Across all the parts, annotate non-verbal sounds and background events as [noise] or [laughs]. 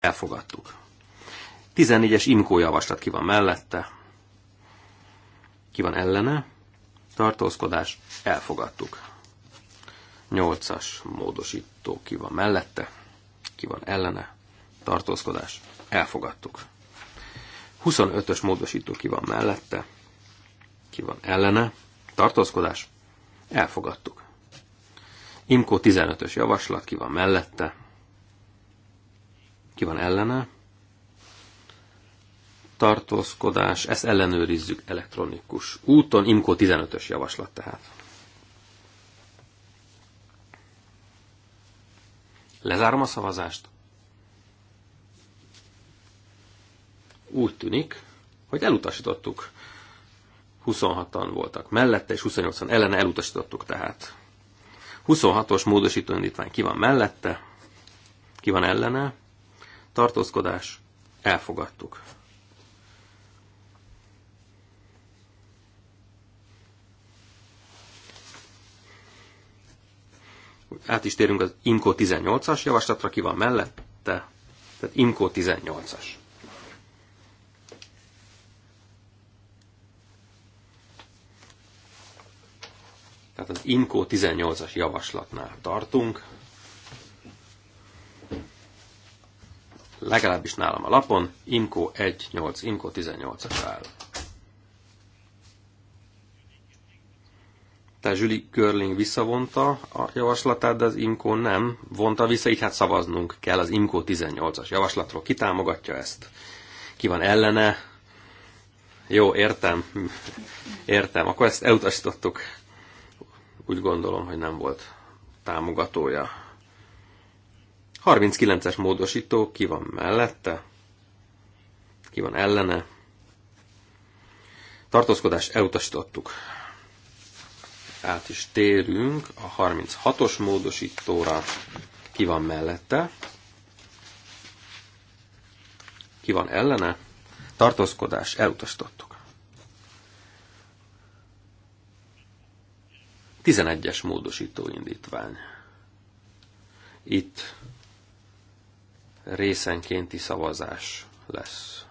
Elfogadtuk. 14-es imkó javaslat ki van mellette, ki van ellene, tartózkodás, elfogadtuk. 8-as módosító ki van mellette, ki van ellene, tartózkodás, elfogadtuk. 25-ös módosító ki van mellette, ki van ellene, tartózkodás, elfogadtuk. Imkó 15-ös javaslat ki van mellette, ki van ellene? Tartózkodás, ezt ellenőrizzük elektronikus úton. Imko 15-ös javaslat tehát. Lezárom a szavazást. Úgy tűnik, hogy elutasítottuk. 26-an voltak mellette, és 28-an ellene elutasítottuk tehát. 26-os módosító indítvány ki van mellette, ki van ellene, tartózkodás, elfogadtuk. Át is térünk az IMCO 18-as javaslatra, ki van mellette, tehát IMCO 18-as. Tehát az IMCO 18-as javaslatnál tartunk. legalábbis nálam a lapon, Imco 1.8, Imco 18-as áll. Tehát Julie Görling visszavonta a javaslatát, de az Imco nem vonta vissza, így hát szavaznunk kell az Imco 18-as javaslatról. Ki támogatja ezt? Ki van ellene? Jó, értem. Értem. Akkor ezt elutasítottuk. Úgy gondolom, hogy nem volt támogatója 39-es módosító, ki van mellette, ki van ellene. Tartózkodást elutasítottuk. Át is térünk a 36-os módosítóra, ki van mellette, ki van ellene. Tartózkodás elutasítottuk. 11-es módosító indítvány. Itt részenkénti szavazás lesz.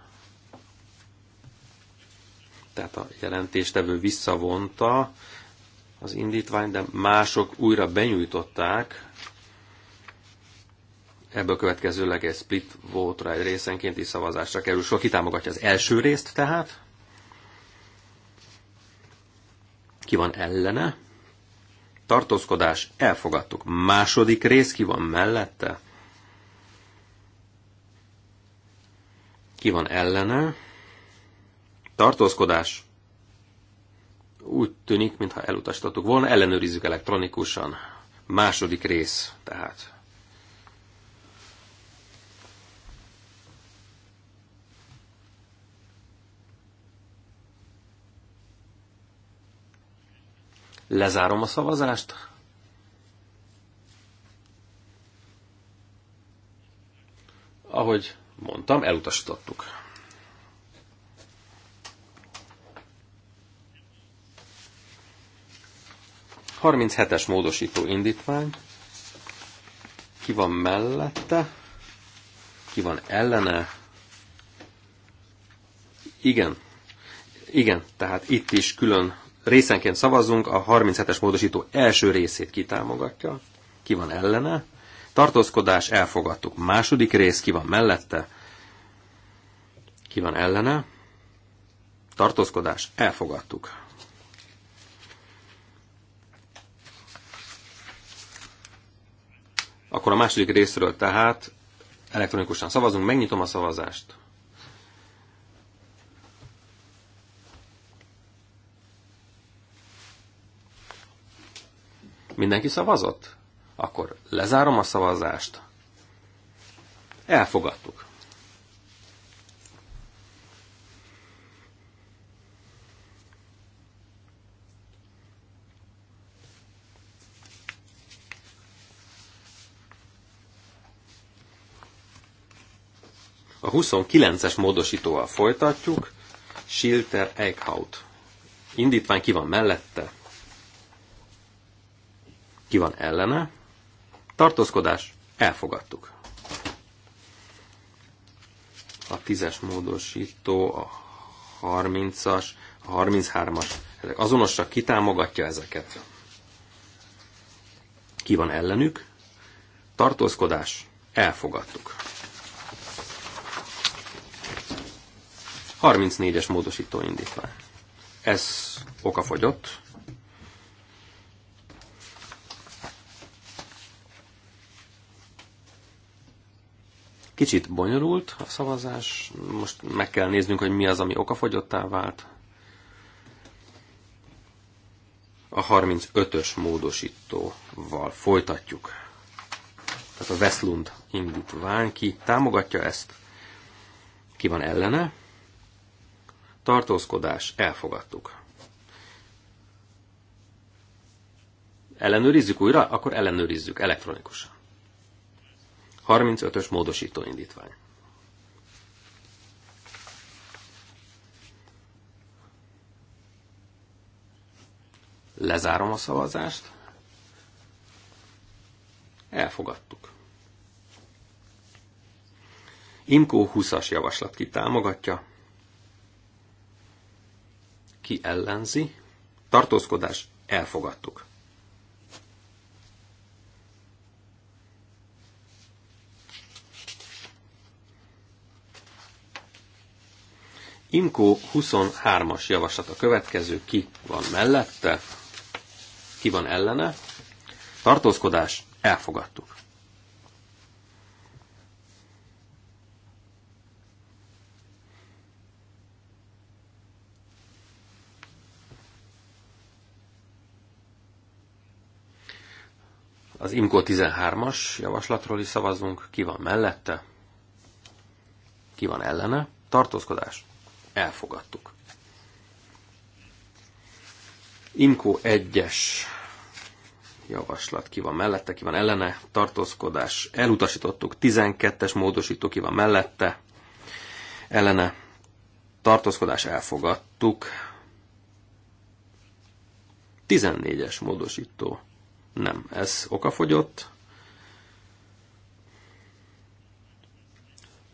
Tehát a jelentéstevő visszavonta az indítványt, de mások újra benyújtották. Ebből következőleg egy split vote-ra, egy részenkénti szavazásra kerül. Sok támogatja az első részt tehát. Ki van ellene? Tartózkodás, elfogadtuk. Második rész ki van mellette? Ki van ellene? Tartózkodás. Úgy tűnik, mintha elutasítottuk volna, ellenőrizzük elektronikusan. Második rész, tehát. Lezárom a szavazást. Ahogy mondtam, elutasítottuk. Harminchetes módosító indítvány. Ki van mellette? Ki van ellene? Igen. Igen, tehát itt is külön részenként szavazunk, a 37-es módosító első részét kitámogatja, ki van ellene, tartózkodás, elfogadtuk. Második rész, ki van mellette, ki van ellene, tartózkodás, elfogadtuk. Akkor a második részről tehát elektronikusan szavazunk, megnyitom a szavazást. Mindenki szavazott? Akkor lezárom a szavazást. Elfogadtuk. A 29-es módosítóval folytatjuk. Schilter Eichhaut. Indítvány ki van mellette? Ki van ellene? Tartózkodás. Elfogadtuk. A tízes módosító, a 30-as, a 33-as. Ezek azonosak, ki támogatja ezeket? Ki van ellenük? Tartózkodás. Elfogadtuk. 34-es módosító indítvány. Ez okafogyott, Kicsit bonyolult a szavazás, most meg kell néznünk, hogy mi az, ami okafogyottá vált. A 35-ös módosítóval folytatjuk. Tehát a Westlund indítvány ki támogatja ezt, ki van ellene. Tartózkodás, elfogadtuk. Ellenőrizzük újra? Akkor ellenőrizzük elektronikusan. 35-ös módosító indítvány. Lezárom a szavazást. Elfogadtuk. Imkó 20-as javaslat ki támogatja, ki ellenzi, tartózkodás elfogadtuk. Imkó 23-as javaslat a következő, ki van mellette, ki van ellene. Tartózkodás, elfogadtuk. Az Imkó 13-as javaslatról is szavazunk, ki van mellette, ki van ellene, tartózkodás, Elfogadtuk. Imkó 1-es javaslat ki van mellette, ki van ellene, tartózkodás, elutasítottuk, 12-es módosító ki van mellette, ellene, tartózkodás, elfogadtuk, 14-es módosító, nem, ez okafogyott,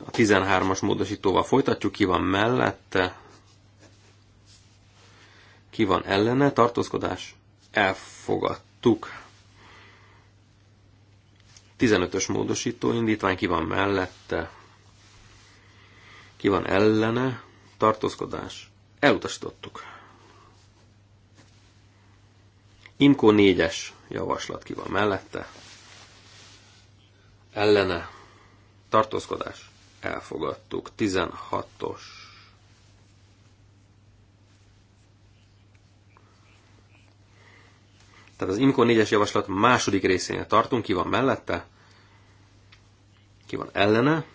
A 13-as módosítóval folytatjuk, ki van mellette, ki van ellene, tartózkodás, elfogadtuk. 15-ös módosító indítvány, ki van mellette, ki van ellene, tartózkodás, elutasítottuk. Imko 4-es javaslat ki van mellette, ellene, tartózkodás, elfogadtuk. 16-os. Tehát az IMCO 4-es javaslat második részénél tartunk, ki van mellette, ki van ellene.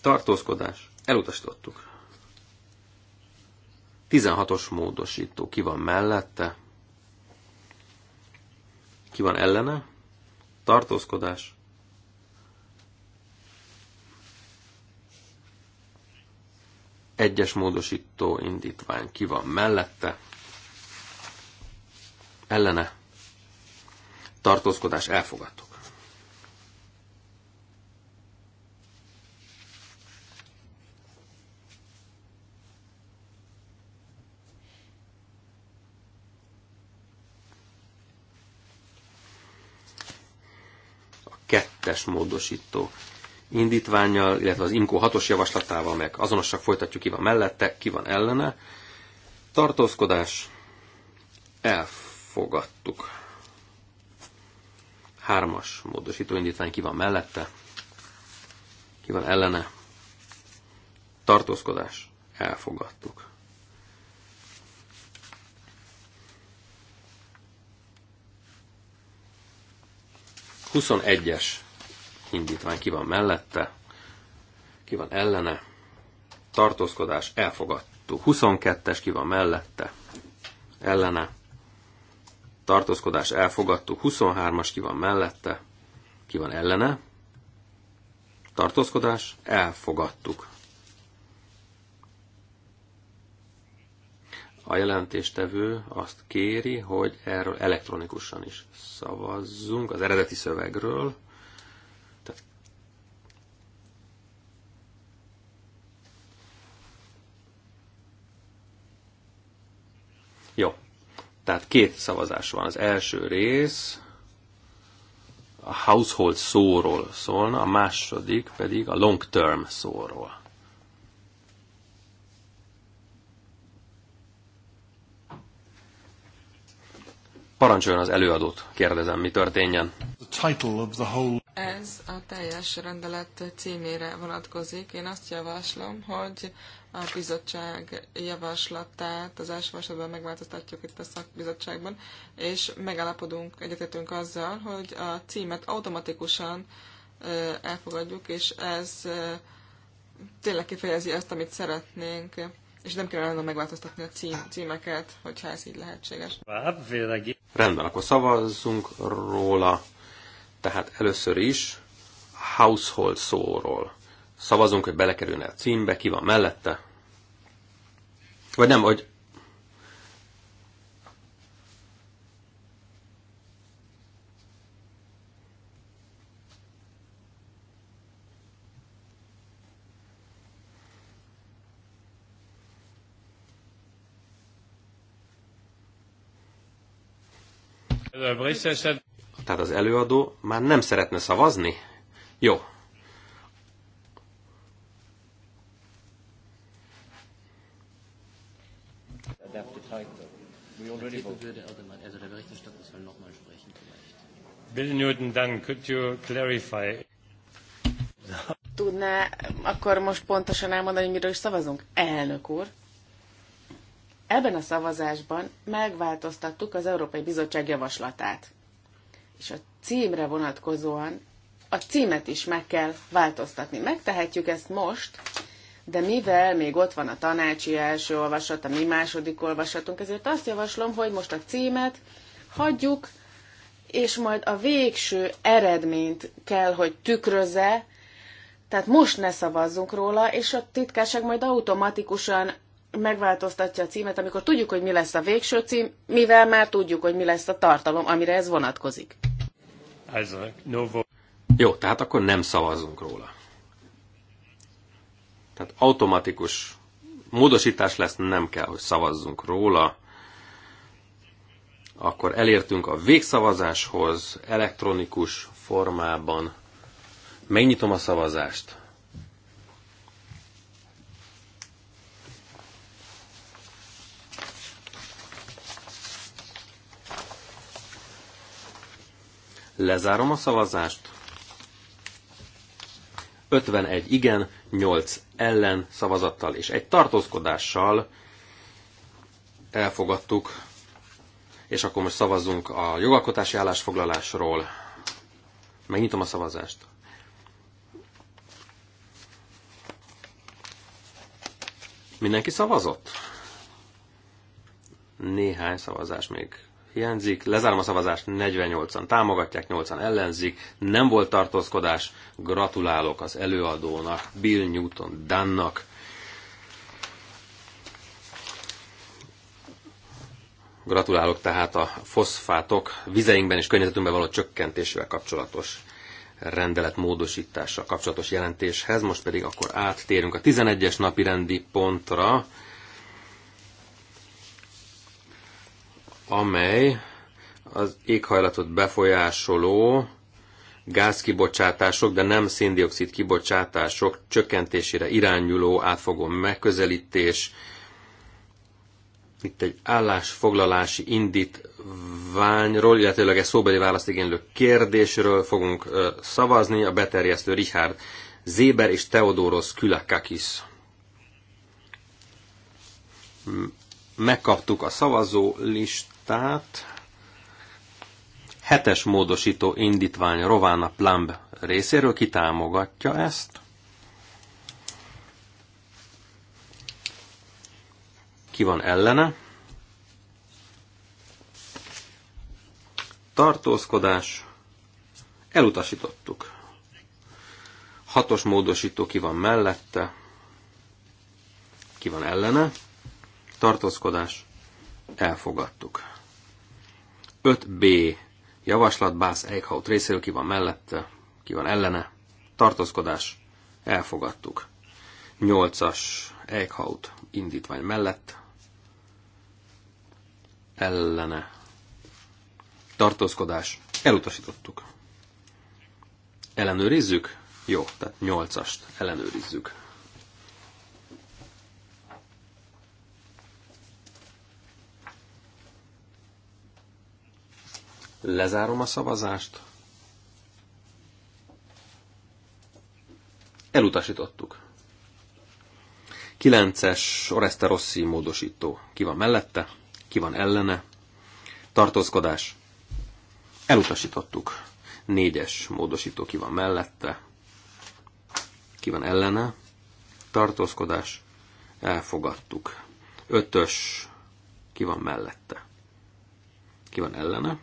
Tartózkodás. Elutasítottuk. 16-os módosító, ki van mellette, ki van ellene. Tartózkodás. Egyes módosító indítvány ki van mellette, ellene tartózkodás elfogadtuk. kettes módosító indítványjal, illetve az IMCO hatos javaslatával meg azonosak folytatjuk, ki van mellette, ki van ellene. Tartózkodás elfogadtuk. Hármas módosító indítvány ki van mellette, ki van ellene. Tartózkodás elfogadtuk. Huszonegyes indítvány ki van mellette, ki van ellene, tartózkodás, elfogadtuk. 22-es ki van mellette, ellene, tartózkodás, elfogadtuk. 23-as ki van mellette, ki van ellene, tartózkodás, elfogadtuk. A jelentéstevő azt kéri, hogy erről elektronikusan is szavazzunk, az eredeti szövegről. Jó. Tehát két szavazás van. Az első rész a household szóról szólna, a második pedig a long term szóról. Parancsoljon az előadót, kérdezem, mi történjen. Ez a teljes rendelet címére vonatkozik. Én azt javaslom, hogy a bizottság javaslatát az első vasatban megváltoztatjuk itt a szakbizottságban, és megállapodunk, egyetetünk azzal, hogy a címet automatikusan elfogadjuk, és ez tényleg kifejezi azt, amit szeretnénk, és nem kell kellene megváltoztatni a cím, címeket, hogyha ez így lehetséges. Rendben, akkor szavazzunk róla. Tehát először is household szóról. Szavazunk, hogy belekerülne a címbe, ki van mellette, vagy nem, hogy Tehát az előadó már nem szeretne szavazni? Jó, Bill Newton Dunn, could you clarify? Tudná akkor most pontosan elmondani, hogy miről is szavazunk? Elnök úr, ebben a szavazásban megváltoztattuk az Európai Bizottság javaslatát. És a címre vonatkozóan a címet is meg kell változtatni. Megtehetjük ezt most, de mivel még ott van a tanácsi első olvasat, a mi második olvasatunk, ezért azt javaslom, hogy most a címet hagyjuk és majd a végső eredményt kell, hogy tükrözze, tehát most ne szavazzunk róla, és a titkárság majd automatikusan megváltoztatja a címet, amikor tudjuk, hogy mi lesz a végső cím, mivel már tudjuk, hogy mi lesz a tartalom, amire ez vonatkozik. Jó, tehát akkor nem szavazunk róla. Tehát automatikus módosítás lesz, nem kell, hogy szavazzunk róla. Akkor elértünk a végszavazáshoz elektronikus formában. Megnyitom a szavazást. Lezárom a szavazást. 51 igen, 8 ellen szavazattal és egy tartózkodással elfogadtuk és akkor most szavazunk a jogalkotási állásfoglalásról. Megnyitom a szavazást. Mindenki szavazott? Néhány szavazás még hiányzik. Lezárom a szavazást, 48-an támogatják, 80 ellenzik. Nem volt tartózkodás. Gratulálok az előadónak, Bill Newton Dannak. Gratulálok tehát a foszfátok vizeinkben és környezetünkben való csökkentésével kapcsolatos rendelet módosítása, kapcsolatos jelentéshez. Most pedig akkor áttérünk a 11-es napi rendi pontra, amely az éghajlatot befolyásoló gázkibocsátások, de nem széndiokszid kibocsátások csökkentésére irányuló átfogó megközelítés itt egy állásfoglalási indítványról, illetőleg egy szóbeli választ igénylő kérdésről fogunk szavazni. A beterjesztő Richard Zéber és Teodoros Külakakis. Megkaptuk a szavazó listát. Hetes módosító indítvány Rovana Plamb részéről kitámogatja ezt. Ki van ellene? Tartózkodás. Elutasítottuk. Hatos módosító ki van mellette? Ki van ellene? Tartózkodás. Elfogadtuk. 5B javaslat Bász Eichhaut részéről ki van mellette, ki van ellene, tartózkodás, elfogadtuk. 8-as Eichhaut indítvány mellett, ellene tartózkodás elutasítottuk. Ellenőrizzük? Jó, tehát 8-ast ellenőrizzük. Lezárom a szavazást. Elutasítottuk. 9-es Oreste Rossi módosító. Ki van mellette? ki van ellene, tartózkodás, elutasítottuk. Négyes módosító ki van mellette, ki van ellene, tartózkodás, elfogadtuk. Ötös, ki van mellette, ki van ellene,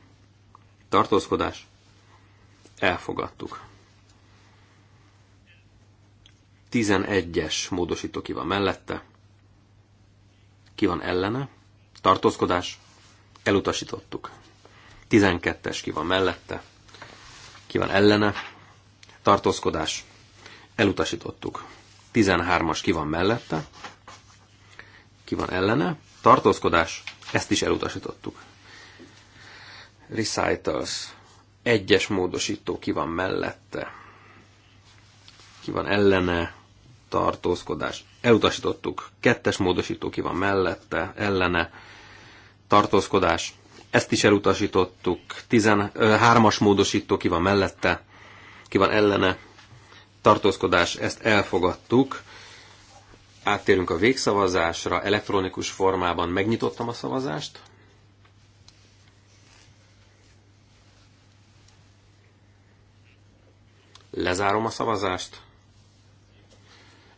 tartózkodás, elfogadtuk. 11-es módosító ki van mellette, ki van ellene, tartózkodás, elutasítottuk. 12-es ki van mellette, ki van ellene, tartózkodás, elutasítottuk. 13-as ki van mellette, ki van ellene, tartózkodás, ezt is elutasítottuk. Recitals, egyes módosító ki van mellette, ki van ellene, tartózkodás. Elutasítottuk. Kettes módosító ki van mellette, ellene, tartózkodás. Ezt is elutasítottuk. ö, hármas módosító ki van mellette, ki van ellene, tartózkodás. Ezt elfogadtuk. Áttérünk a végszavazásra. Elektronikus formában megnyitottam a szavazást. Lezárom a szavazást.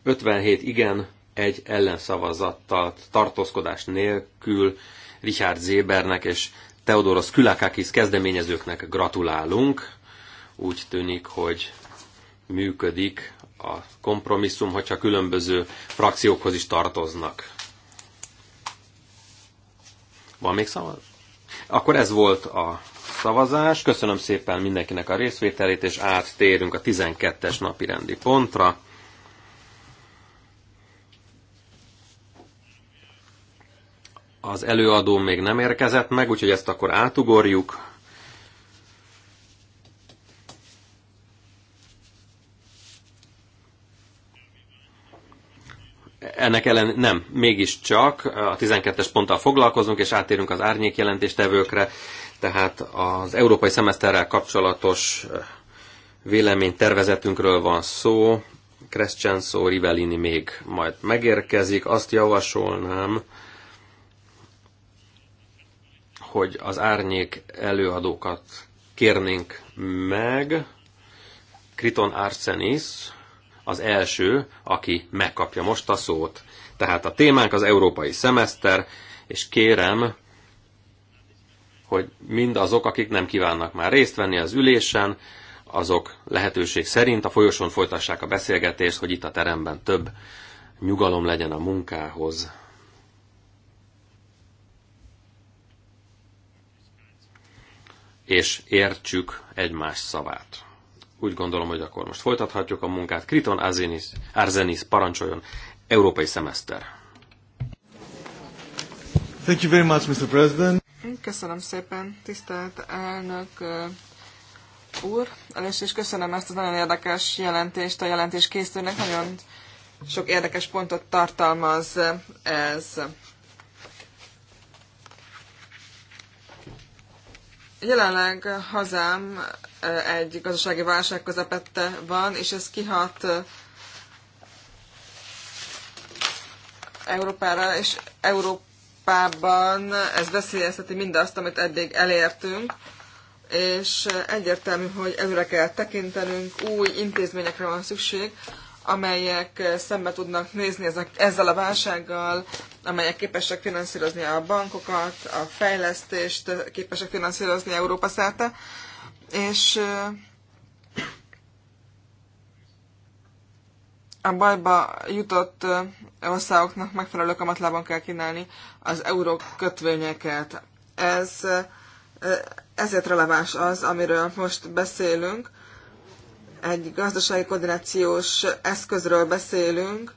57 igen, egy ellenszavazattal, tartózkodás nélkül Richard Zébernek és Teodoros Külakakis kezdeményezőknek gratulálunk. Úgy tűnik, hogy működik a kompromisszum, hogyha különböző frakciókhoz is tartoznak. Van még szavaz? Akkor ez volt a szavazás. Köszönöm szépen mindenkinek a részvételét, és áttérünk a 12-es napi rendi pontra. Az előadó még nem érkezett meg, úgyhogy ezt akkor átugorjuk. ennek ellen nem, mégiscsak a 12-es ponttal foglalkozunk, és átérünk az árnyékjelentéstevőkre, jelentéstevőkre, tehát az európai szemeszterrel kapcsolatos eh, véleménytervezetünkről van szó. Crescenzo Rivellini még majd megérkezik, azt javasolnám, hogy az árnyék előadókat kérnénk meg. Kriton Arsenis az első, aki megkapja most a szót. Tehát a témánk az európai szemeszter, és kérem, hogy mindazok, akik nem kívánnak már részt venni az ülésen, azok lehetőség szerint a folyosón folytassák a beszélgetést, hogy itt a teremben több nyugalom legyen a munkához. és értsük egymás szavát. Úgy gondolom, hogy akkor most folytathatjuk a munkát. Kriton Arzenis, Arzenis parancsoljon, európai szemeszter. Thank you very much, Mr. President. Köszönöm szépen, tisztelt elnök úr. Először is köszönöm ezt a nagyon érdekes jelentést a jelentés készítőnek. Nagyon sok érdekes pontot tartalmaz ez. Jelenleg hazám egy gazdasági válság közepette van, és ez kihat Európára, és Európában ez veszélyezteti mindazt, amit eddig elértünk, és egyértelmű, hogy előre kell tekintenünk, új intézményekre van szükség, amelyek eh, szembe tudnak nézni ezzel a válsággal, amelyek képesek finanszírozni a bankokat, a fejlesztést, eh, képesek finanszírozni Európa szerte, és eh, a bajba jutott országoknak megfelelő kamatlában kell kínálni az euró kötvényeket. Ez ezért releváns az, amiről most beszélünk, egy gazdasági koordinációs eszközről beszélünk,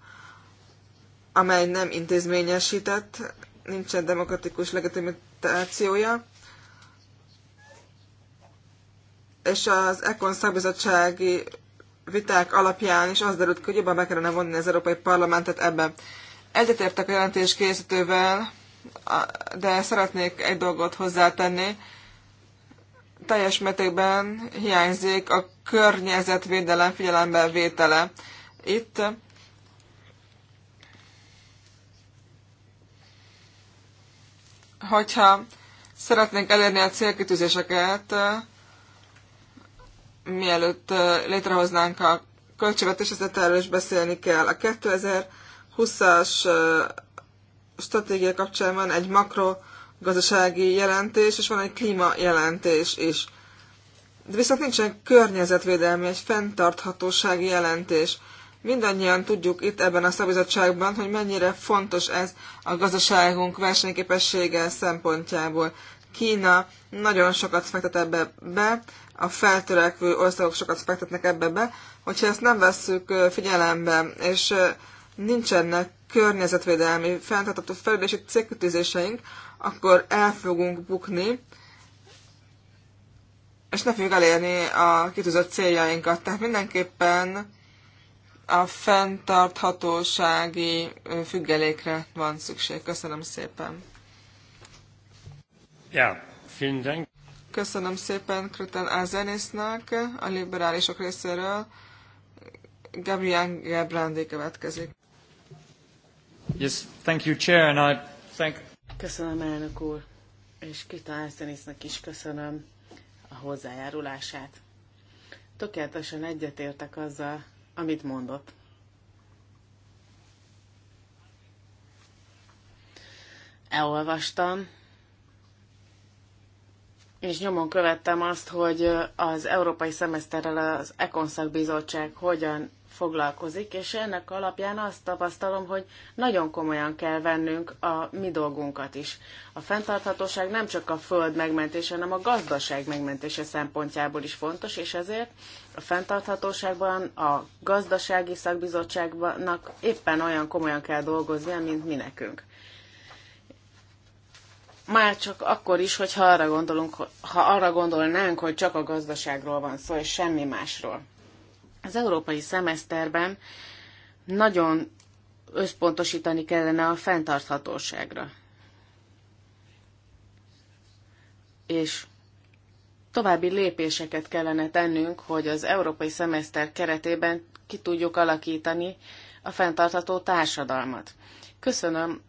amely nem intézményesített, nincsen demokratikus legitimitációja, és az Ekon szakbizottsági viták alapján is az derült, hogy jobban be kellene vonni az Európai Parlamentet ebbe. Egyetértek a jelentés készítővel, de szeretnék egy dolgot hozzátenni teljes mértékben hiányzik a környezetvédelem figyelembe vétele. Itt hogyha szeretnénk elérni a célkitűzéseket, mielőtt létrehoznánk a költségvetés, ezért erről is beszélni kell. A 2020-as stratégia kapcsán van egy makro gazdasági jelentés, és van egy klíma jelentés is. De viszont nincsen környezetvédelmi, egy fenntarthatósági jelentés. Mindannyian tudjuk itt ebben a szabizottságban, hogy mennyire fontos ez a gazdaságunk versenyképessége szempontjából. Kína nagyon sokat fektet ebbe be, a feltörekvő országok sokat fektetnek ebbe be, hogyha ezt nem vesszük figyelembe, és nincsenek környezetvédelmi fenntartható fejlődési célkütőzéseink, akkor el fogunk bukni, és ne fogjuk elérni a kitűzött céljainkat. Tehát mindenképpen a fenntarthatósági függelékre van szükség. Köszönöm szépen. Ja, vielen Köszönöm szépen Kröten Ázenésznek a liberálisok részéről. Gabriel Gebrandi következik. Yes, thank you, Chair, and I thank Köszönöm, elnök úr, és Kita is köszönöm a hozzájárulását. Tökéletesen egyetértek azzal, amit mondott. Elolvastam, és nyomon követtem azt, hogy az Európai Szemeszterrel az Ekonszak Bizottság hogyan foglalkozik, és ennek alapján azt tapasztalom, hogy nagyon komolyan kell vennünk a mi dolgunkat is. A fenntarthatóság nem csak a föld megmentése, hanem a gazdaság megmentése szempontjából is fontos, és ezért a fenntarthatóságban a gazdasági szakbizottságnak éppen olyan komolyan kell dolgoznia, mint mi nekünk már csak akkor is, hogyha arra gondolunk, ha arra gondolnánk, hogy csak a gazdaságról van szó, és semmi másról. Az európai szemeszterben nagyon összpontosítani kellene a fenntarthatóságra. És további lépéseket kellene tennünk, hogy az európai szemeszter keretében ki tudjuk alakítani a fenntartható társadalmat. Köszönöm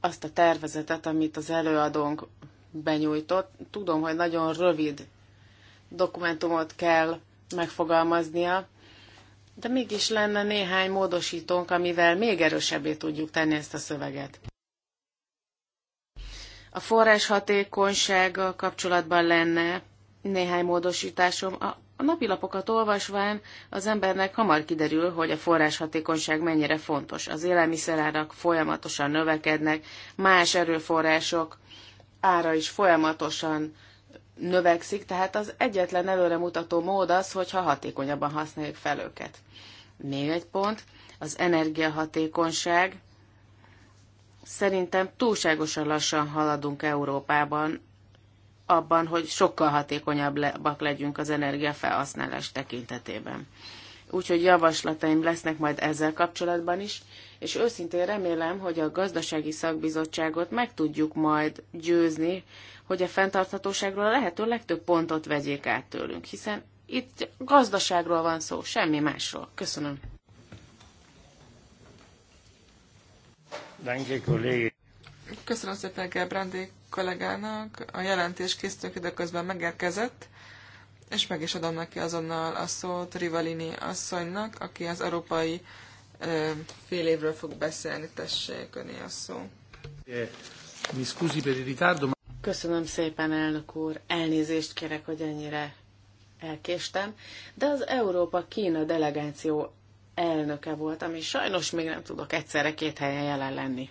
azt a tervezetet, amit az előadónk benyújtott. Tudom, hogy nagyon rövid dokumentumot kell megfogalmaznia, de mégis lenne néhány módosítónk, amivel még erősebbé tudjuk tenni ezt a szöveget. A forrás hatékonysággal kapcsolatban lenne néhány módosításom. A, a napilapokat olvasván az embernek hamar kiderül, hogy a forrás hatékonyság mennyire fontos. Az élelmiszerárak folyamatosan növekednek, más erőforrások ára is folyamatosan növekszik, tehát az egyetlen előremutató mód az, hogyha hatékonyabban használjuk fel őket. Még egy pont, az energiahatékonyság. Szerintem túlságosan lassan haladunk Európában abban, hogy sokkal hatékonyabbak legyünk az energiafelhasználás tekintetében. Úgyhogy javaslataim lesznek majd ezzel kapcsolatban is, és őszintén remélem, hogy a gazdasági szakbizottságot meg tudjuk majd győzni hogy a fenntarthatóságról a lehető legtöbb pontot vegyék át tőlünk, hiszen itt gazdaságról van szó, semmi másról. Köszönöm. Köszönöm szépen Gerbrandi kollégának. A jelentés készítők időközben megérkezett, és meg is adom neki azonnal a szót Rivalini asszonynak, aki az európai fél évről fog beszélni. Tessék, öné a szó. Mi scusi per il ritardo, Köszönöm szépen, elnök úr. Elnézést kérek, hogy ennyire elkéstem, de az Európa-Kína delegáció elnöke voltam, és sajnos még nem tudok egyszerre két helyen jelen lenni.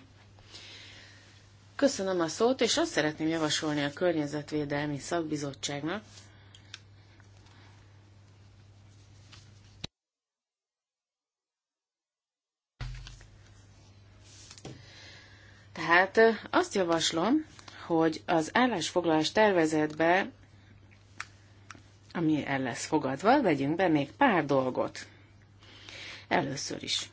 Köszönöm a szót, és azt szeretném javasolni a Környezetvédelmi Szakbizottságnak, Tehát azt javaslom, hogy az állásfoglalás tervezetbe, ami el lesz fogadva, vegyünk be még pár dolgot. Először is.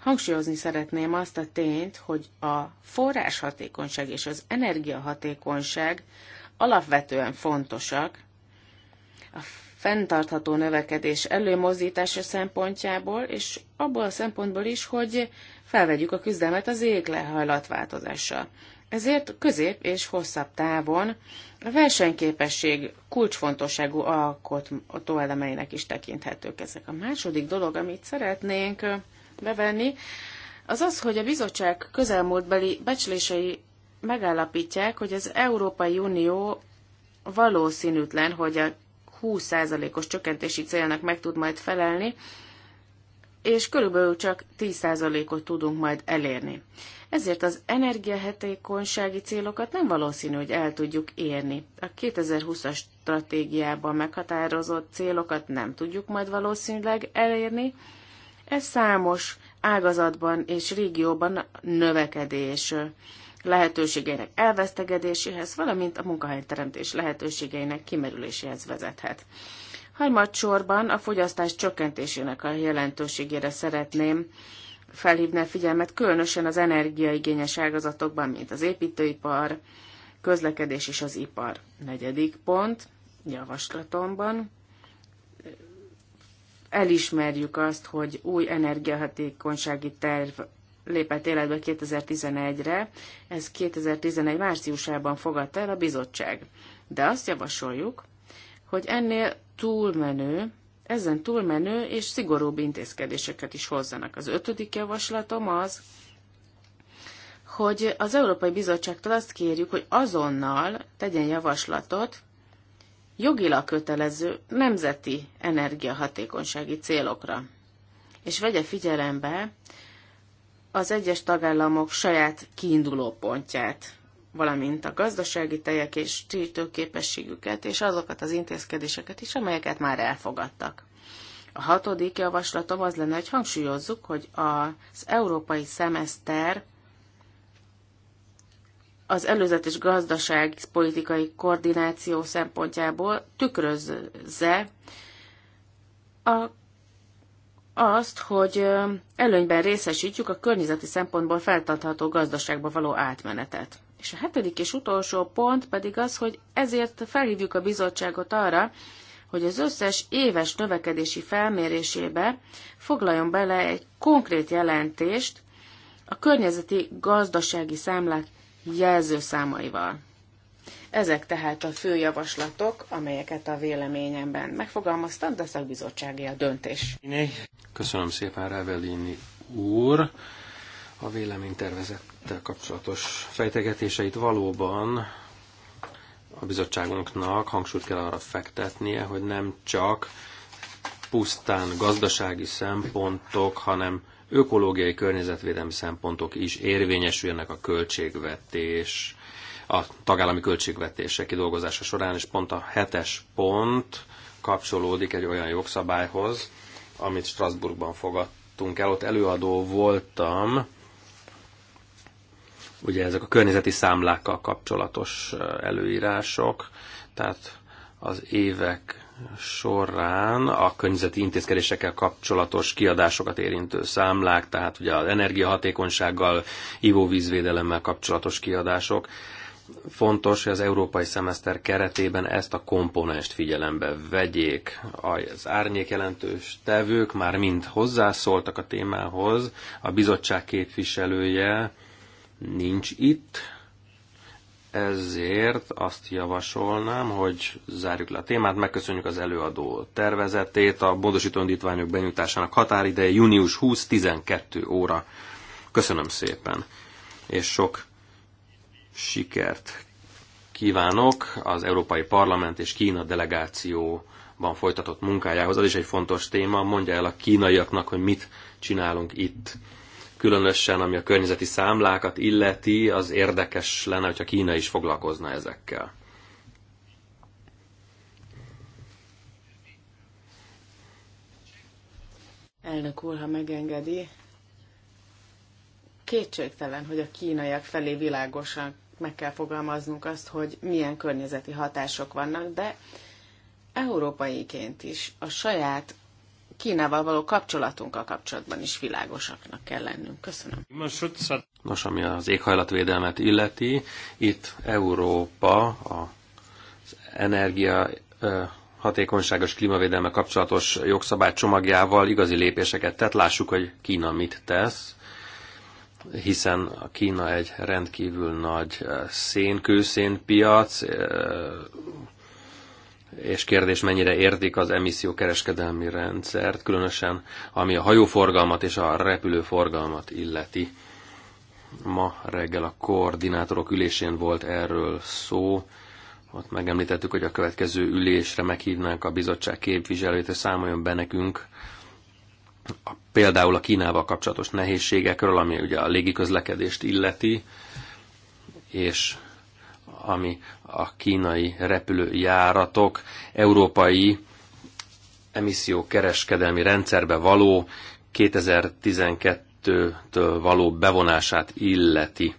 Hangsúlyozni szeretném azt a tényt, hogy a forráshatékonyság és az energiahatékonyság alapvetően fontosak a fenntartható növekedés előmozdítása szempontjából, és abból a szempontból is, hogy felvegyük a küzdelmet az változással. Ezért közép és hosszabb távon a versenyképesség kulcsfontosságú alkotó elemeinek is tekinthetők ezek. A második dolog, amit szeretnénk bevenni, az az, hogy a bizottság közelmúltbeli becslései megállapítják, hogy az Európai Unió valószínűtlen, hogy a 20%-os csökkentési célnak meg tud majd felelni, és körülbelül csak 10%-ot tudunk majd elérni. Ezért az energiahetékonysági célokat nem valószínű, hogy el tudjuk érni. A 2020-as stratégiában meghatározott célokat nem tudjuk majd valószínűleg elérni. Ez számos ágazatban és régióban növekedés lehetőségeinek elvesztegedéséhez, valamint a munkahelyteremtés lehetőségeinek kimerüléséhez vezethet. Harmadsorban a fogyasztás csökkentésének a jelentőségére szeretném felhívni a figyelmet, különösen az energiaigényes ágazatokban, mint az építőipar, közlekedés és az ipar. Negyedik pont, javaslatomban elismerjük azt, hogy új energiahatékonysági terv lépett életbe 2011-re, ez 2011 márciusában fogadta el a bizottság. De azt javasoljuk, hogy ennél túlmenő, ezen túlmenő és szigorúbb intézkedéseket is hozzanak. Az ötödik javaslatom az, hogy az Európai Bizottságtól azt kérjük, hogy azonnal tegyen javaslatot jogilag kötelező nemzeti energiahatékonysági célokra, és vegye figyelembe az egyes tagállamok saját kiinduló pontját valamint a gazdasági tejek és tűtőképességüket, és azokat az intézkedéseket is, amelyeket már elfogadtak. A hatodik javaslatom az lenne, hogy hangsúlyozzuk, hogy az európai szemeszter az előzetes gazdaságpolitikai koordináció szempontjából tükrözze a, azt, hogy előnyben részesítjük a környezeti szempontból feltartható gazdaságba való átmenetet. És a hetedik és utolsó pont pedig az, hogy ezért felhívjuk a bizottságot arra, hogy az összes éves növekedési felmérésébe foglaljon bele egy konkrét jelentést a környezeti gazdasági számlák jelzőszámaival. Ezek tehát a fő javaslatok, amelyeket a véleményemben megfogalmaztam, de a szakbizottsági a döntés. Köszönöm szépen, Revelini úr, a véleménytervezet rendelettel kapcsolatos fejtegetéseit valóban a bizottságunknak hangsúlyt kell arra fektetnie, hogy nem csak pusztán gazdasági szempontok, hanem ökológiai környezetvédelmi szempontok is érvényesüljenek a költségvetés, a tagállami költségvetések kidolgozása során, és pont a hetes pont kapcsolódik egy olyan jogszabályhoz, amit Strasbourgban fogadtunk el. Ott előadó voltam ugye ezek a környezeti számlákkal kapcsolatos előírások, tehát az évek során a környezeti intézkedésekkel kapcsolatos kiadásokat érintő számlák, tehát ugye az energiahatékonysággal, ivóvízvédelemmel kapcsolatos kiadások. Fontos, hogy az európai szemeszter keretében ezt a komponest figyelembe vegyék. Az árnyékjelentős tevők már mind hozzászóltak a témához. A bizottság képviselője nincs itt, ezért azt javasolnám, hogy zárjuk le a témát, megköszönjük az előadó tervezetét, a módosító indítványok benyújtásának határideje június 20-12 óra. Köszönöm szépen, és sok sikert kívánok az Európai Parlament és Kína delegációban folytatott munkájához. Az is egy fontos téma, mondja el a kínaiaknak, hogy mit csinálunk itt különösen ami a környezeti számlákat illeti, az érdekes lenne, hogyha Kína is foglalkozna ezekkel. Elnök úr, ha megengedi, kétségtelen, hogy a kínaiak felé világosan meg kell fogalmaznunk azt, hogy milyen környezeti hatások vannak, de európaiként is a saját Kínával való kapcsolatunkkal kapcsolatban is világosaknak kell lennünk. Köszönöm. Nos, ami az éghajlatvédelmet illeti, itt Európa az energia hatékonyságos klímavédelme kapcsolatos jogszabály csomagjával igazi lépéseket tett. Lássuk, hogy Kína mit tesz hiszen a Kína egy rendkívül nagy szénkőszénpiac, és kérdés, mennyire értik az emissziókereskedelmi rendszert, különösen ami a hajóforgalmat és a repülőforgalmat illeti. Ma reggel a koordinátorok ülésén volt erről szó, ott megemlítettük, hogy a következő ülésre meghívnánk a bizottság képviselőt, és számoljon be nekünk a, például a Kínával kapcsolatos nehézségekről, ami ugye a légiközlekedést illeti, és ami a kínai repülőjáratok európai emissziókereskedelmi rendszerbe való 2012-től való bevonását illeti.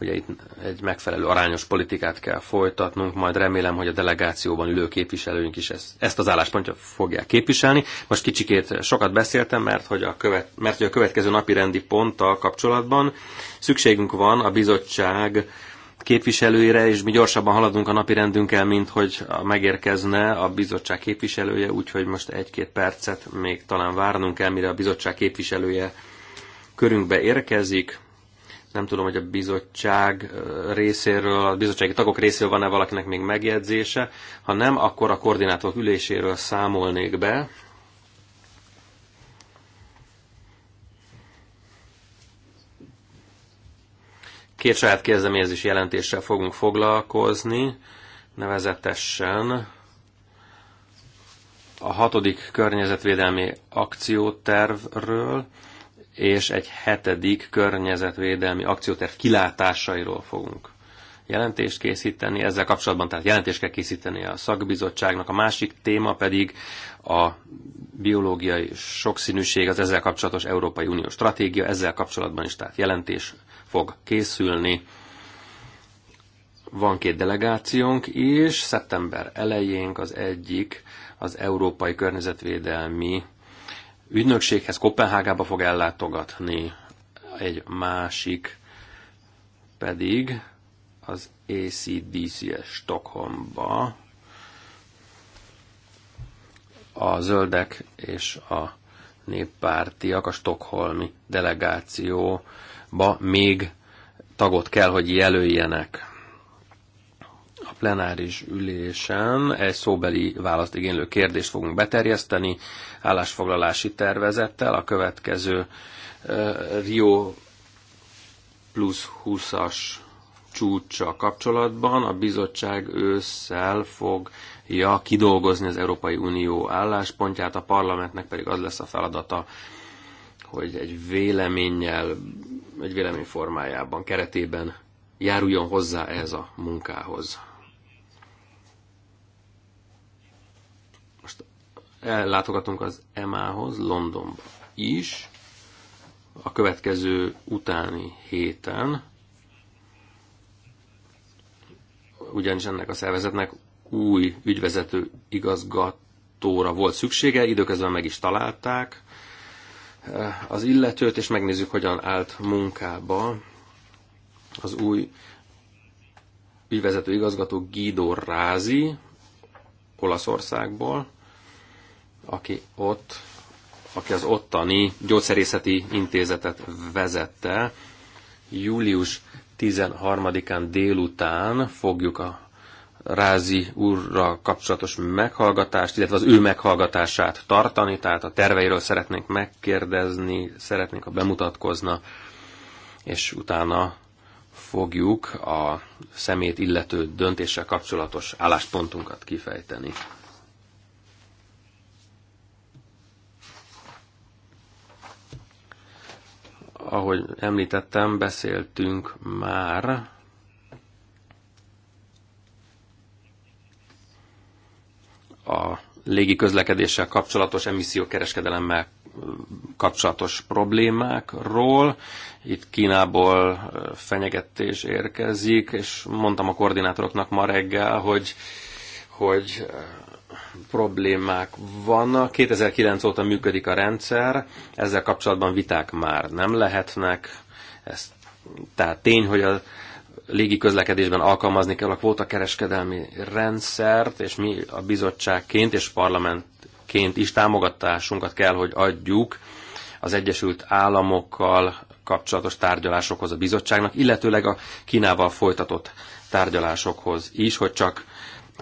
Ugye itt egy megfelelő arányos politikát kell folytatnunk, majd remélem, hogy a delegációban ülő képviselőink is ezt, ezt az álláspontja fogják képviselni. Most kicsikét sokat beszéltem, mert hogy a, követ, mert hogy a következő napi rendi ponttal kapcsolatban szükségünk van a bizottság képviselőire, és mi gyorsabban haladunk a napi rendünkkel, mint hogy megérkezne a bizottság képviselője, úgyhogy most egy-két percet még talán várnunk kell, mire a bizottság képviselője körünkbe érkezik. Nem tudom, hogy a bizottság részéről, a bizottsági tagok részéről van-e valakinek még megjegyzése. Ha nem, akkor a koordinátor üléséről számolnék be. Két saját kezdeményezési jelentéssel fogunk foglalkozni, nevezetesen a hatodik környezetvédelmi akciótervről, és egy hetedik környezetvédelmi akcióterv kilátásairól fogunk jelentést készíteni. Ezzel kapcsolatban tehát jelentést kell készíteni a szakbizottságnak. A másik téma pedig a biológiai sokszínűség, az ezzel kapcsolatos Európai Unió stratégia, ezzel kapcsolatban is tehát jelentés fog készülni. Van két delegációnk is, szeptember elejénk az egyik az Európai Környezetvédelmi Ügynökséghez Kopenhágába fog ellátogatni, egy másik pedig az ACDC-es Stockholmba a zöldek és a néppártiak, a stokholmi delegáció ba még tagot kell, hogy jelöljenek. A plenáris ülésen egy szóbeli választ igénylő kérdést fogunk beterjeszteni állásfoglalási tervezettel a következő Rio plusz 20-as csúcsa kapcsolatban. A bizottság ősszel fogja kidolgozni az Európai Unió álláspontját, a parlamentnek pedig az lesz a feladata, hogy egy véleménnyel egy vélemény formájában, keretében járuljon hozzá ehhez a munkához. Most ellátogatunk az EMA-hoz Londonba is, a következő utáni héten, ugyanis ennek a szervezetnek új ügyvezető igazgatóra volt szüksége, időközben meg is találták, Eh, az illetőt, és megnézzük, hogyan állt munkába az új ügyvezető igazgató Guido Rázi Olaszországból, aki ott, aki az ottani gyógyszerészeti intézetet vezette. Július 13-án délután fogjuk a Rázi úrra kapcsolatos meghallgatást, illetve az ő meghallgatását tartani, tehát a terveiről szeretnénk megkérdezni, szeretnénk, ha bemutatkozna, és utána fogjuk a szemét illető döntéssel kapcsolatos álláspontunkat kifejteni. Ahogy említettem, beszéltünk már a légi közlekedéssel kapcsolatos emissziókereskedelemmel kapcsolatos problémákról. Itt Kínából fenyegetés érkezik, és mondtam a koordinátoroknak ma reggel, hogy, hogy problémák vannak. 2009 óta működik a rendszer, ezzel kapcsolatban viták már nem lehetnek. Ez, tehát tény, hogy a légi közlekedésben alkalmazni kell a kvótakereskedelmi rendszert, és mi a bizottságként és parlamentként is támogatásunkat kell, hogy adjuk az Egyesült Államokkal kapcsolatos tárgyalásokhoz a bizottságnak, illetőleg a Kínával folytatott tárgyalásokhoz is, hogy csak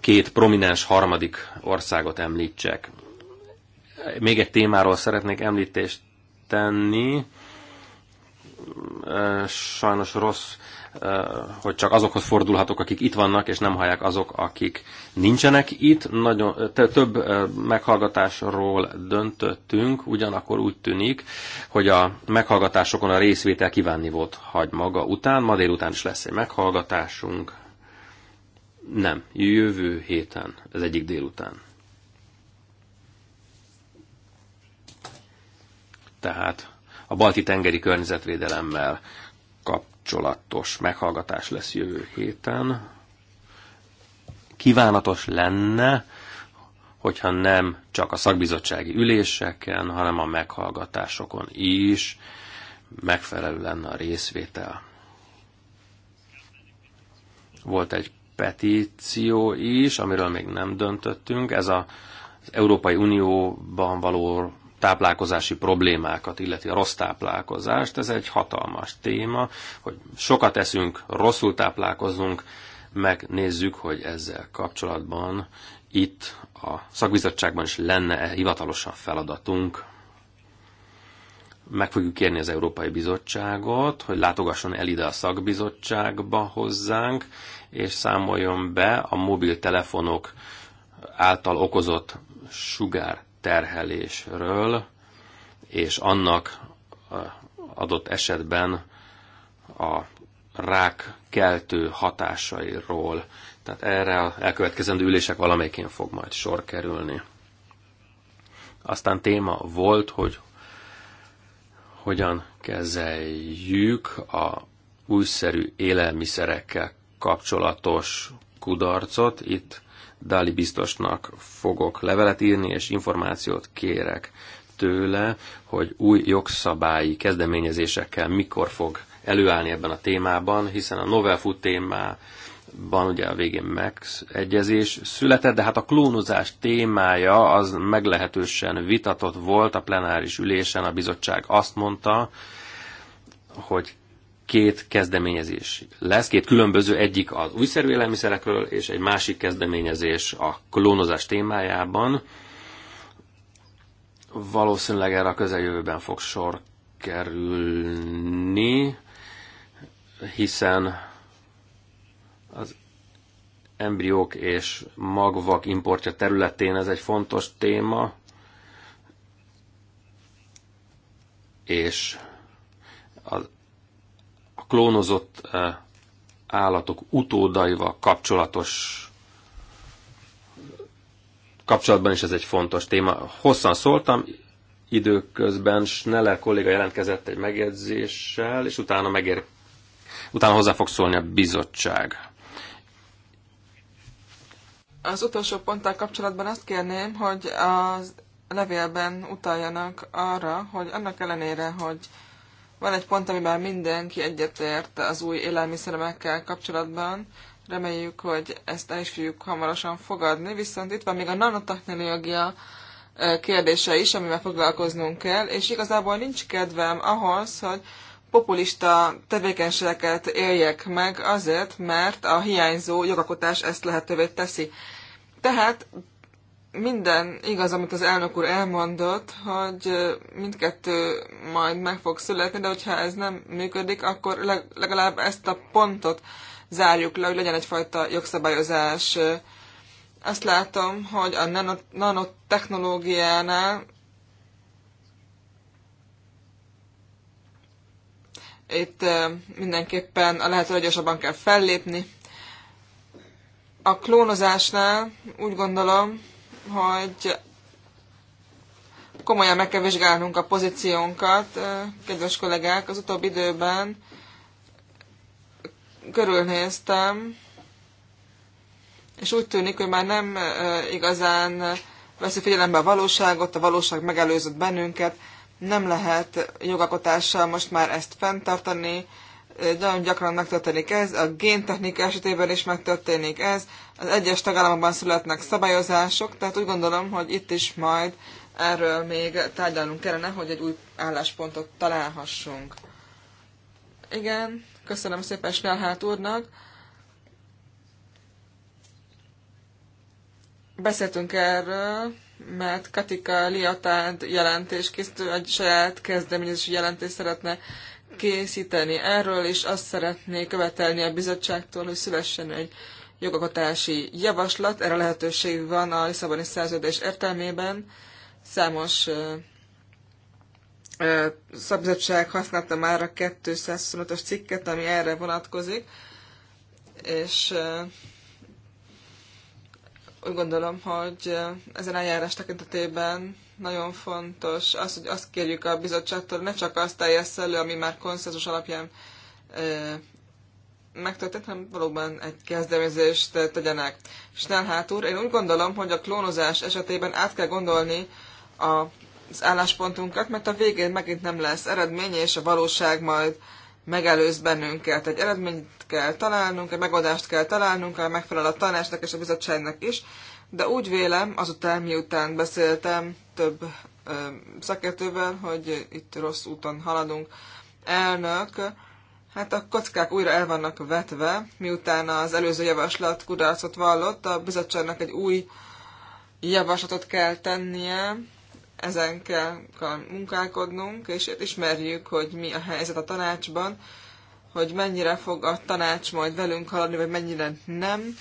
két prominens harmadik országot említsek. Még egy témáról szeretnék említést tenni. Sajnos rossz hogy csak azokhoz fordulhatok, akik itt vannak, és nem hallják azok, akik nincsenek itt. Nagyon, több meghallgatásról döntöttünk, ugyanakkor úgy tűnik, hogy a meghallgatásokon a részvétel kívánni volt hagy maga után. Ma délután is lesz egy meghallgatásunk. Nem, jövő héten, ez egyik délután. Tehát a balti tengeri környezetvédelemmel kap kapcsolatos meghallgatás lesz jövő héten. Kívánatos lenne, hogyha nem csak a szakbizottsági üléseken, hanem a meghallgatásokon is megfelelő lenne a részvétel. Volt egy petíció is, amiről még nem döntöttünk. Ez a, az Európai Unióban való táplálkozási problémákat, illeti a rossz táplálkozást. Ez egy hatalmas téma, hogy sokat eszünk, rosszul táplálkozunk, megnézzük, hogy ezzel kapcsolatban itt a szakbizottságban is lenne -e hivatalosan feladatunk. Meg fogjuk kérni az Európai Bizottságot, hogy látogasson el ide a szakbizottságba hozzánk, és számoljon be a mobiltelefonok által okozott sugár terhelésről, és annak adott esetben a rák keltő hatásairól. Tehát erre a elkövetkezendő ülések valamelyikén fog majd sor kerülni. Aztán téma volt, hogy hogyan kezeljük a újszerű élelmiszerekkel kapcsolatos kudarcot. Itt Dáli biztosnak fogok levelet írni, és információt kérek tőle, hogy új jogszabályi kezdeményezésekkel mikor fog előállni ebben a témában, hiszen a novel food témában ugye a végén egyezés. született, de hát a klónozás témája az meglehetősen vitatott volt a plenáris ülésen, a bizottság azt mondta, hogy két kezdeményezés lesz, két különböző, egyik az újszerű élelmiszerekről, és egy másik kezdeményezés a klónozás témájában. Valószínűleg erre a közeljövőben fog sor kerülni, hiszen az embriók és magvak importja területén ez egy fontos téma, és klónozott eh, állatok utódaival kapcsolatos kapcsolatban is ez egy fontos téma. Hosszan szóltam, időközben Schneller kolléga jelentkezett egy megjegyzéssel, és utána, megér, utána hozzá fog szólni a bizottság. Az utolsó ponttal kapcsolatban azt kérném, hogy a levélben utaljanak arra, hogy annak ellenére, hogy van egy pont, amiben mindenki egyetért az új élelmiszeremekkel kapcsolatban. Reméljük, hogy ezt el is fogjuk hamarosan fogadni, viszont itt van még a nanotechnológia kérdése is, amivel foglalkoznunk kell, és igazából nincs kedvem ahhoz, hogy populista tevékenységeket éljek meg azért, mert a hiányzó jogakotás ezt lehetővé teszi. Tehát minden igaz, amit az elnök úr elmondott, hogy mindkettő majd meg fog születni, de hogyha ez nem működik, akkor legalább ezt a pontot zárjuk le, hogy legyen egyfajta jogszabályozás. Azt látom, hogy a nanotechnológiánál itt mindenképpen a lehető leggyorsabban kell fellépni. A klónozásnál úgy gondolom, hogy komolyan meg kell vizsgálnunk a pozíciónkat. Kedves kollégák, az utóbbi időben körülnéztem, és úgy tűnik, hogy már nem igazán veszi figyelembe a valóságot, a valóság megelőzött bennünket, nem lehet jogalkotással most már ezt fenntartani, nagyon gyakran megtörténik ez, a géntechnika esetében is megtörténik ez, az egyes tagállamokban születnek szabályozások, tehát úgy gondolom, hogy itt is majd erről még tárgyalnunk kellene, hogy egy új álláspontot találhassunk. Igen, köszönöm szépen Snellhát úrnak. Beszéltünk erről, mert Katika Liatád készítő, egy saját kezdeményezési jelentést szeretne készíteni erről, és azt szeretné követelni a bizottságtól, hogy szülessen egy jogalkotási javaslat, erre lehetőség van a Lisszaboni szerződés értelmében. Számos szabadság használta már a 225-ös cikket, ami erre vonatkozik, és úgy gondolom, hogy ezen eljárás tekintetében nagyon fontos az, hogy azt kérjük a bizottságtól, ne csak azt teljesz elő, ami már konszenzus alapján megtörtént, hanem valóban egy kezdeményezést tegyenek. Snellhát úr, én úgy gondolom, hogy a klónozás esetében át kell gondolni a, az álláspontunkat, mert a végén megint nem lesz eredmény, és a valóság majd megelőz bennünket. Egy eredményt kell találnunk, egy megoldást kell találnunk, a megfelel a tanácsnak és a bizottságnak is, de úgy vélem, azután miután beszéltem több ö, szakértővel, hogy itt rossz úton haladunk, elnök, Hát a kockák újra el vannak vetve, miután az előző javaslat kudarcot vallott, a bizottságnak egy új javaslatot kell tennie, ezen kell, munkálkodnunk, és ismerjük, hogy mi a helyzet a tanácsban, hogy mennyire fog a tanács majd velünk haladni, vagy mennyire nem.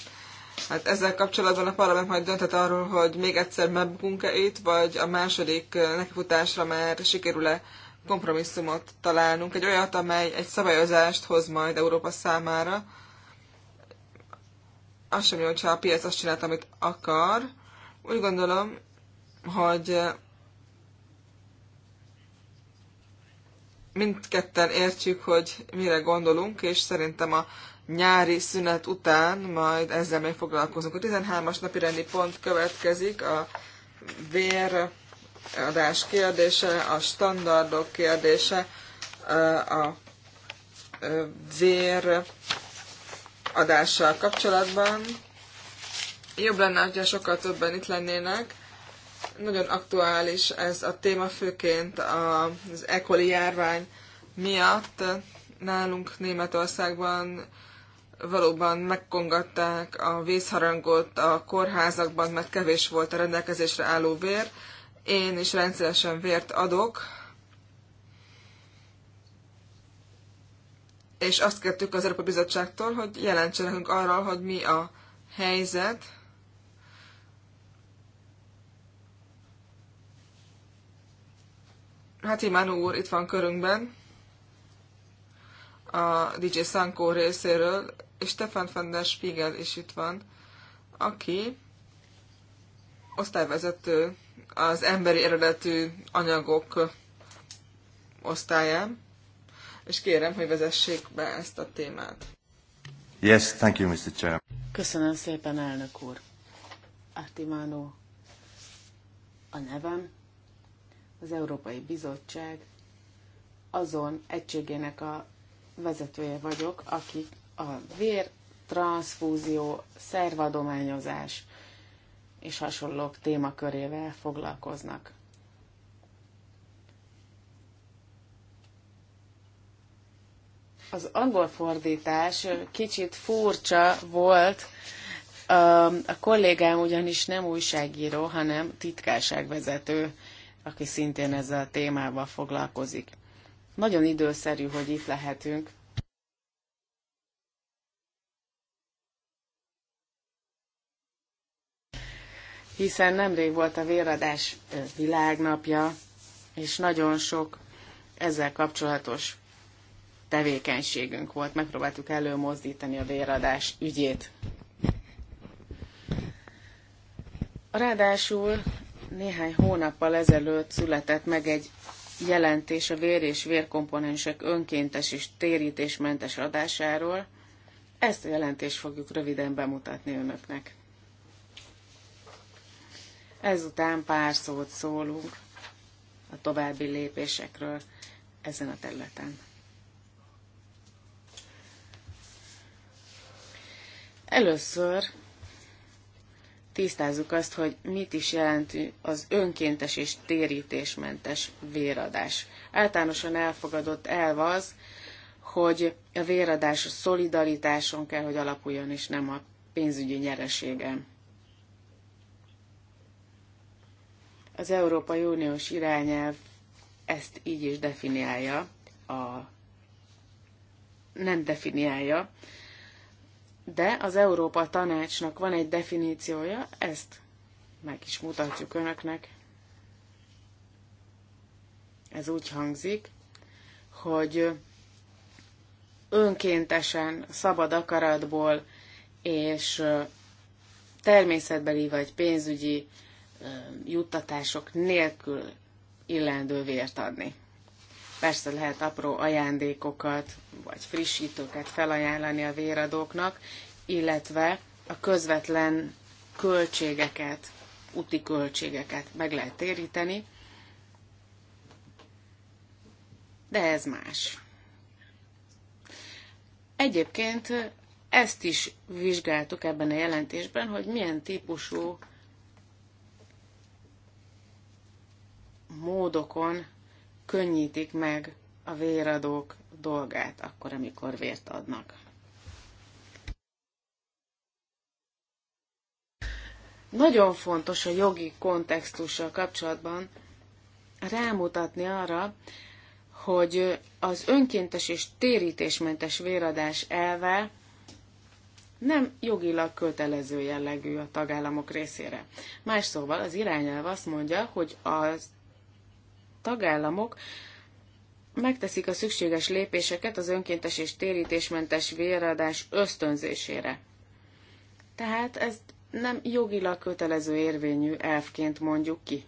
Hát ezzel kapcsolatban a parlament majd dönthet arról, hogy még egyszer megbukunk-e itt, vagy a második eh, nekifutásra már sikerül-e kompromisszumot találnunk, egy olyat, amely egy szabályozást hoz majd Európa számára. Az sem jó, hogyha a piac azt csinált, amit akar. Úgy gondolom, hogy mindketten értjük, hogy mire gondolunk, és szerintem a nyári szünet után majd ezzel még foglalkozunk. A 13-as napi rendi pont következik, a vér adás kérdése, a standardok kérdése, a vér adással kapcsolatban. Jobb lenne, hogyha sokkal többen itt lennének. Nagyon aktuális ez a téma, főként az ekoli járvány miatt. Nálunk Németországban valóban megkongatták a vészharangot a kórházakban, mert kevés volt a rendelkezésre álló vér. Én is rendszeresen vért adok, és azt kértük az Európa Bizottságtól, hogy jelentse nekünk arra, hogy mi a helyzet, Hát Imán úr itt van körünkben, a DJ Sanko részéről, és Stefan van der Spiegel is itt van, aki osztályvezető az emberi eredetű anyagok osztályán, és kérem, hogy vezessék be ezt a témát. Yes, thank you, Mr. Chair. Köszönöm szépen, elnök úr. Artimano a nevem, az Európai Bizottság azon egységének a vezetője vagyok, akik a vér, transfúzió szervadományozás és hasonlók témakörével foglalkoznak. Az angol fordítás kicsit furcsa volt, a kollégám ugyanis nem újságíró, hanem titkárságvezető, aki szintén ezzel a témával foglalkozik. Nagyon időszerű, hogy itt lehetünk, hiszen nemrég volt a véradás világnapja, és nagyon sok ezzel kapcsolatos tevékenységünk volt. Megpróbáltuk előmozdítani a véradás ügyét. Ráadásul néhány hónappal ezelőtt született meg egy jelentés a vér és vérkomponensek önkéntes és térítésmentes adásáról. Ezt a jelentést fogjuk röviden bemutatni önöknek. Ezután pár szót szólunk a további lépésekről ezen a területen. Először tisztázzuk azt, hogy mit is jelent az önkéntes és térítésmentes véradás. Általánosan elfogadott elv az, hogy a véradás a szolidaritáson kell, hogy alapuljon, és nem a pénzügyi nyereségen. Az Európai Uniós irányelv ezt így is definiálja, a, nem definiálja, de az Európa Tanácsnak van egy definíciója, ezt meg is mutatjuk önöknek. Ez úgy hangzik, hogy önkéntesen, szabad akaratból és természetbeli vagy pénzügyi juttatások nélkül illendő vért adni. Persze lehet apró ajándékokat, vagy frissítőket felajánlani a véradóknak, illetve a közvetlen költségeket, úti költségeket meg lehet téríteni, de ez más. Egyébként ezt is vizsgáltuk ebben a jelentésben, hogy milyen típusú módokon könnyítik meg a véradók dolgát, akkor, amikor vért adnak. Nagyon fontos a jogi kontextussal kapcsolatban rámutatni arra, hogy az önkéntes és térítésmentes véradás elve nem jogilag kötelező jellegű a tagállamok részére. Más szóval az irányelv azt mondja, hogy az tagállamok megteszik a szükséges lépéseket az önkéntes és térítésmentes véradás ösztönzésére. Tehát ezt nem jogilag kötelező érvényű elfként mondjuk ki.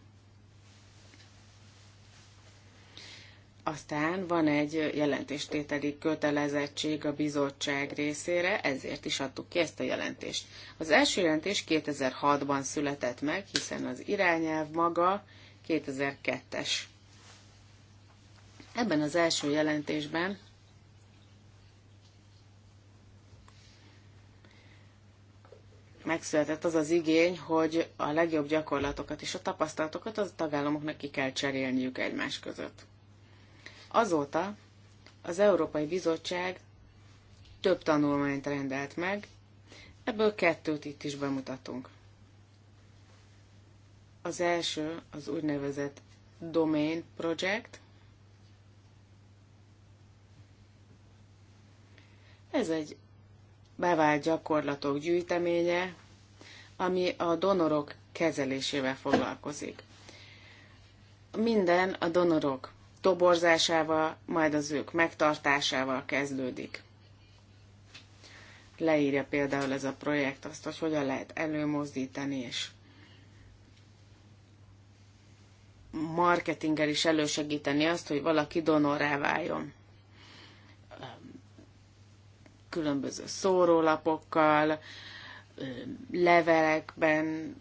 Aztán van egy jelentéstételi kötelezettség a bizottság részére, ezért is adtuk ki ezt a jelentést. Az első jelentés 2006-ban született meg, hiszen az irányelv maga 2002-es. Ebben az első jelentésben megszületett az az igény, hogy a legjobb gyakorlatokat és a tapasztalatokat az a tagállamoknak ki kell cserélniük egymás között. Azóta az Európai Bizottság több tanulmányt rendelt meg, ebből kettőt itt is bemutatunk. Az első az úgynevezett Domain Project, Ez egy bevált gyakorlatok gyűjteménye, ami a donorok kezelésével foglalkozik. Minden a donorok toborzásával, majd az ők megtartásával kezdődik. Leírja például ez a projekt azt, hogy hogyan lehet előmozdítani és marketinggel is elősegíteni azt, hogy valaki donorrá váljon különböző szórólapokkal, levelekben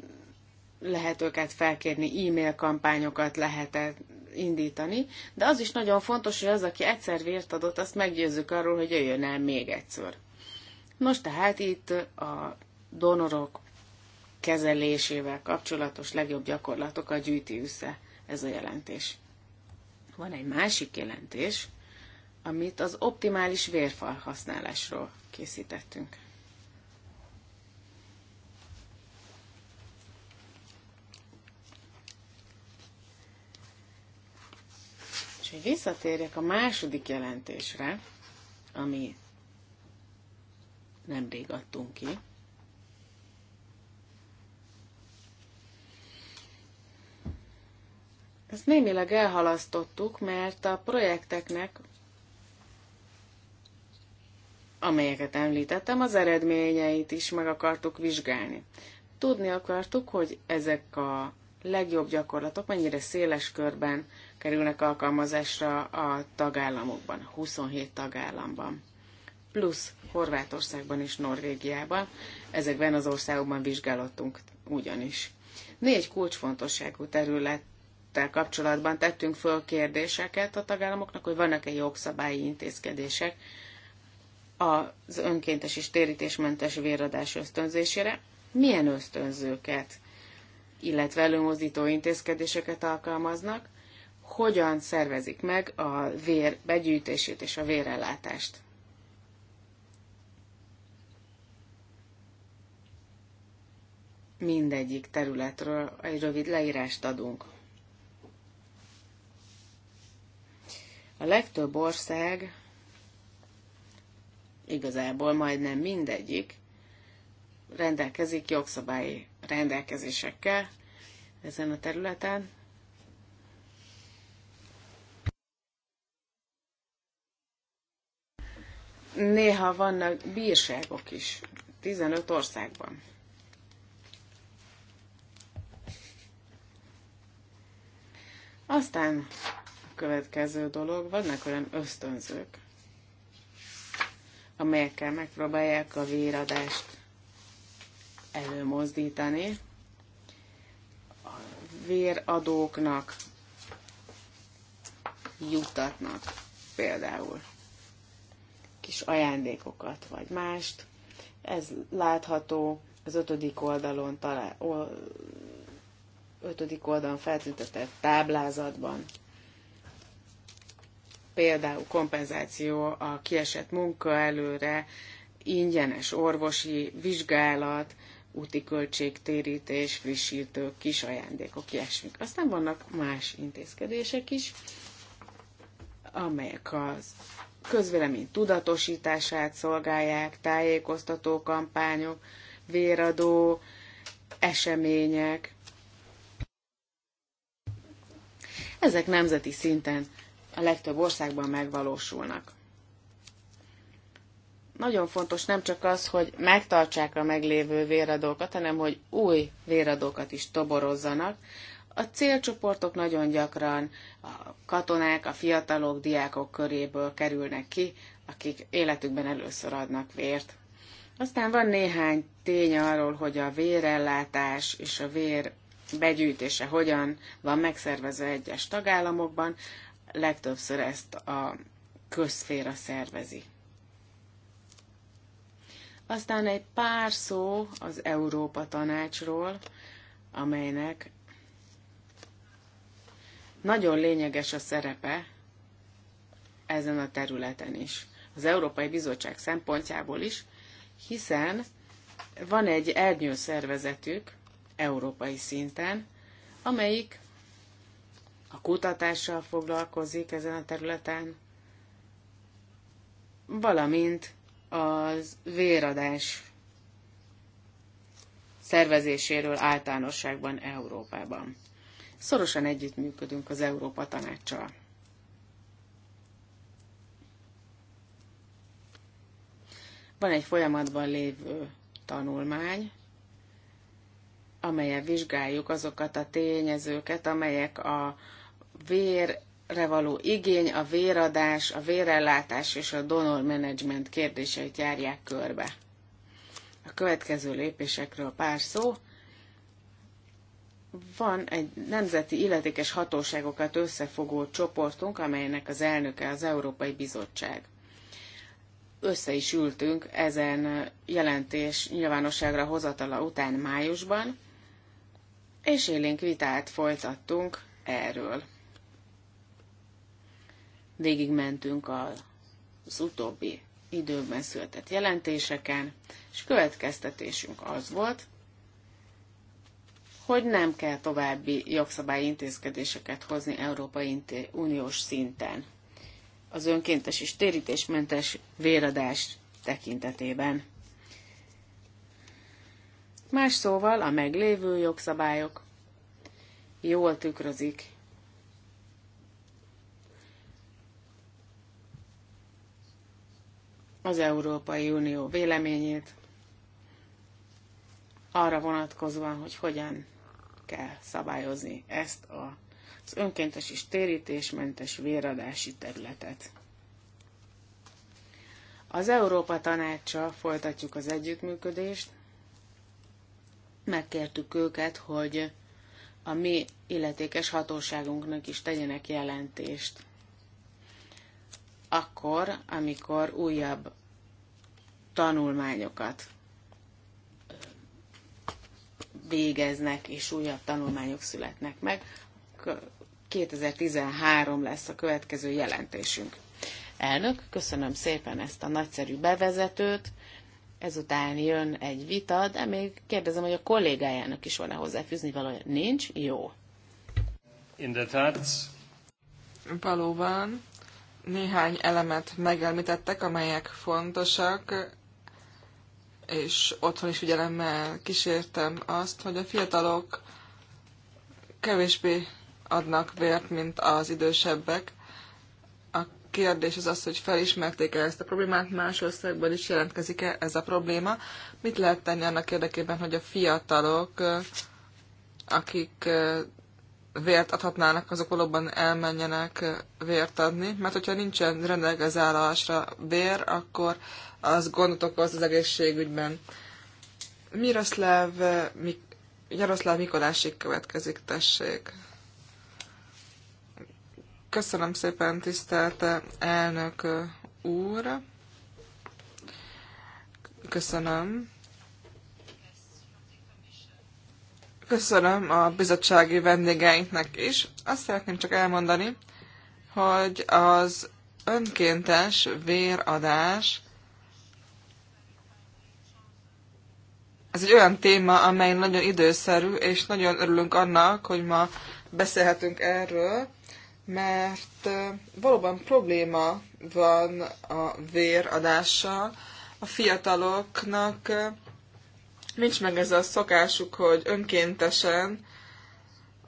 lehet őket felkérni, e-mail kampányokat lehet -e indítani, de az is nagyon fontos, hogy az, aki egyszer vért adott, azt meggyőzzük arról, hogy jöjjön el még egyszer. Nos, tehát itt a donorok kezelésével kapcsolatos legjobb gyakorlatokat gyűjti össze ez a jelentés. Van egy másik jelentés, amit az optimális vérfal használásról készítettünk. És hogy visszatérjek a második jelentésre, ami rég adtunk ki. Ezt némileg elhalasztottuk, mert a projekteknek amelyeket említettem, az eredményeit is meg akartuk vizsgálni. Tudni akartuk, hogy ezek a legjobb gyakorlatok mennyire széles körben kerülnek alkalmazásra a tagállamokban, 27 tagállamban, plusz Horvátországban és Norvégiában. Ezekben az országokban vizsgálottunk ugyanis. Négy kulcsfontosságú területtel kapcsolatban tettünk föl kérdéseket a tagállamoknak, hogy vannak-e jogszabályi intézkedések, az önkéntes és térítésmentes véradás ösztönzésére, milyen ösztönzőket, illetve előmozdító intézkedéseket alkalmaznak, hogyan szervezik meg a vér begyűjtését és a vérellátást. Mindegyik területről egy rövid leírást adunk. A legtöbb ország igazából majdnem mindegyik rendelkezik jogszabályi rendelkezésekkel ezen a területen. Néha vannak bírságok is, 15 országban. Aztán a következő dolog, vannak olyan ösztönzők, amelyekkel megpróbálják a véradást előmozdítani. A véradóknak jutatnak, például kis ajándékokat, vagy mást. Ez látható az ötödik oldalon talál, ötödik oldalon feltüntetett táblázatban például kompenzáció a kiesett előre ingyenes orvosi vizsgálat, úti költségtérítés, frissítők, kis ajándékok, ilyesmik. Aztán vannak más intézkedések is, amelyek az közvélemény tudatosítását szolgálják, tájékoztató kampányok, véradó események. Ezek nemzeti szinten a legtöbb országban megvalósulnak. Nagyon fontos nem csak az, hogy megtartsák a meglévő véradókat, hanem hogy új véradókat is toborozzanak. A célcsoportok nagyon gyakran a katonák, a fiatalok, diákok köréből kerülnek ki, akik életükben először adnak vért. Aztán van néhány tény arról, hogy a vérellátás és a vér begyűjtése hogyan van megszervezve egyes tagállamokban legtöbbször ezt a közféra szervezi. Aztán egy pár szó az Európa Tanácsról, amelynek nagyon lényeges a szerepe ezen a területen is, az Európai Bizottság szempontjából is, hiszen van egy ernyőszervezetük európai szinten, amelyik a kutatással foglalkozik ezen a területen, valamint az véradás szervezéséről általánosságban Európában. Szorosan együttműködünk az Európa Tanácssal. Van egy folyamatban lévő tanulmány, amelyen vizsgáljuk azokat a tényezőket, amelyek a vérre való igény, a véradás, a vérellátás és a donor management kérdéseit járják körbe. A következő lépésekről pár szó. Van egy nemzeti illetékes hatóságokat összefogó csoportunk, amelynek az elnöke az Európai Bizottság össze is ültünk ezen jelentés nyilvánosságra hozatala után májusban, és élénk vitát folytattunk erről végigmentünk az utóbbi időben született jelentéseken, és következtetésünk az volt, hogy nem kell további jogszabályi intézkedéseket hozni Európai Uniós szinten az önkéntes és térítésmentes véradás tekintetében. Más szóval a meglévő jogszabályok jól tükrözik az Európai Unió véleményét arra vonatkozva, hogy hogyan kell szabályozni ezt a, az önkéntes és térítésmentes véradási területet. Az Európa Tanácsa folytatjuk az együttműködést. Megkértük őket, hogy a mi illetékes hatóságunknak is tegyenek jelentést. Akkor, amikor újabb tanulmányokat végeznek, és újabb tanulmányok születnek meg. 2013 lesz a következő jelentésünk. Elnök, köszönöm szépen ezt a nagyszerű bevezetőt. Ezután jön egy vita, de még kérdezem, hogy a kollégájának is van-e hozzáfűzni valója. Nincs? Jó. In the thoughts. Valóban néhány elemet megelmítettek, amelyek fontosak és otthon is figyelemmel kísértem azt, hogy a fiatalok kevésbé adnak vért, mint az idősebbek. A kérdés az az, hogy felismerték-e ezt a problémát, más országban is jelentkezik-e ez a probléma. Mit lehet tenni annak érdekében, hogy a fiatalok, akik vért adhatnának, azok valóban elmenjenek vért adni, mert hogyha nincsen rendelkezálásra vér, akkor az gondot okoz az egészségügyben. Miroszláv, Mik- Jaroszláv Mikolásig következik, tessék. Köszönöm szépen, tisztelt elnök úr. Köszönöm. Köszönöm a bizottsági vendégeinknek is. Azt szeretném csak elmondani, hogy az önkéntes véradás ez egy olyan téma, amely nagyon időszerű, és nagyon örülünk annak, hogy ma beszélhetünk erről, mert valóban probléma van a véradással. A fiataloknak Nincs meg ez a szokásuk, hogy önkéntesen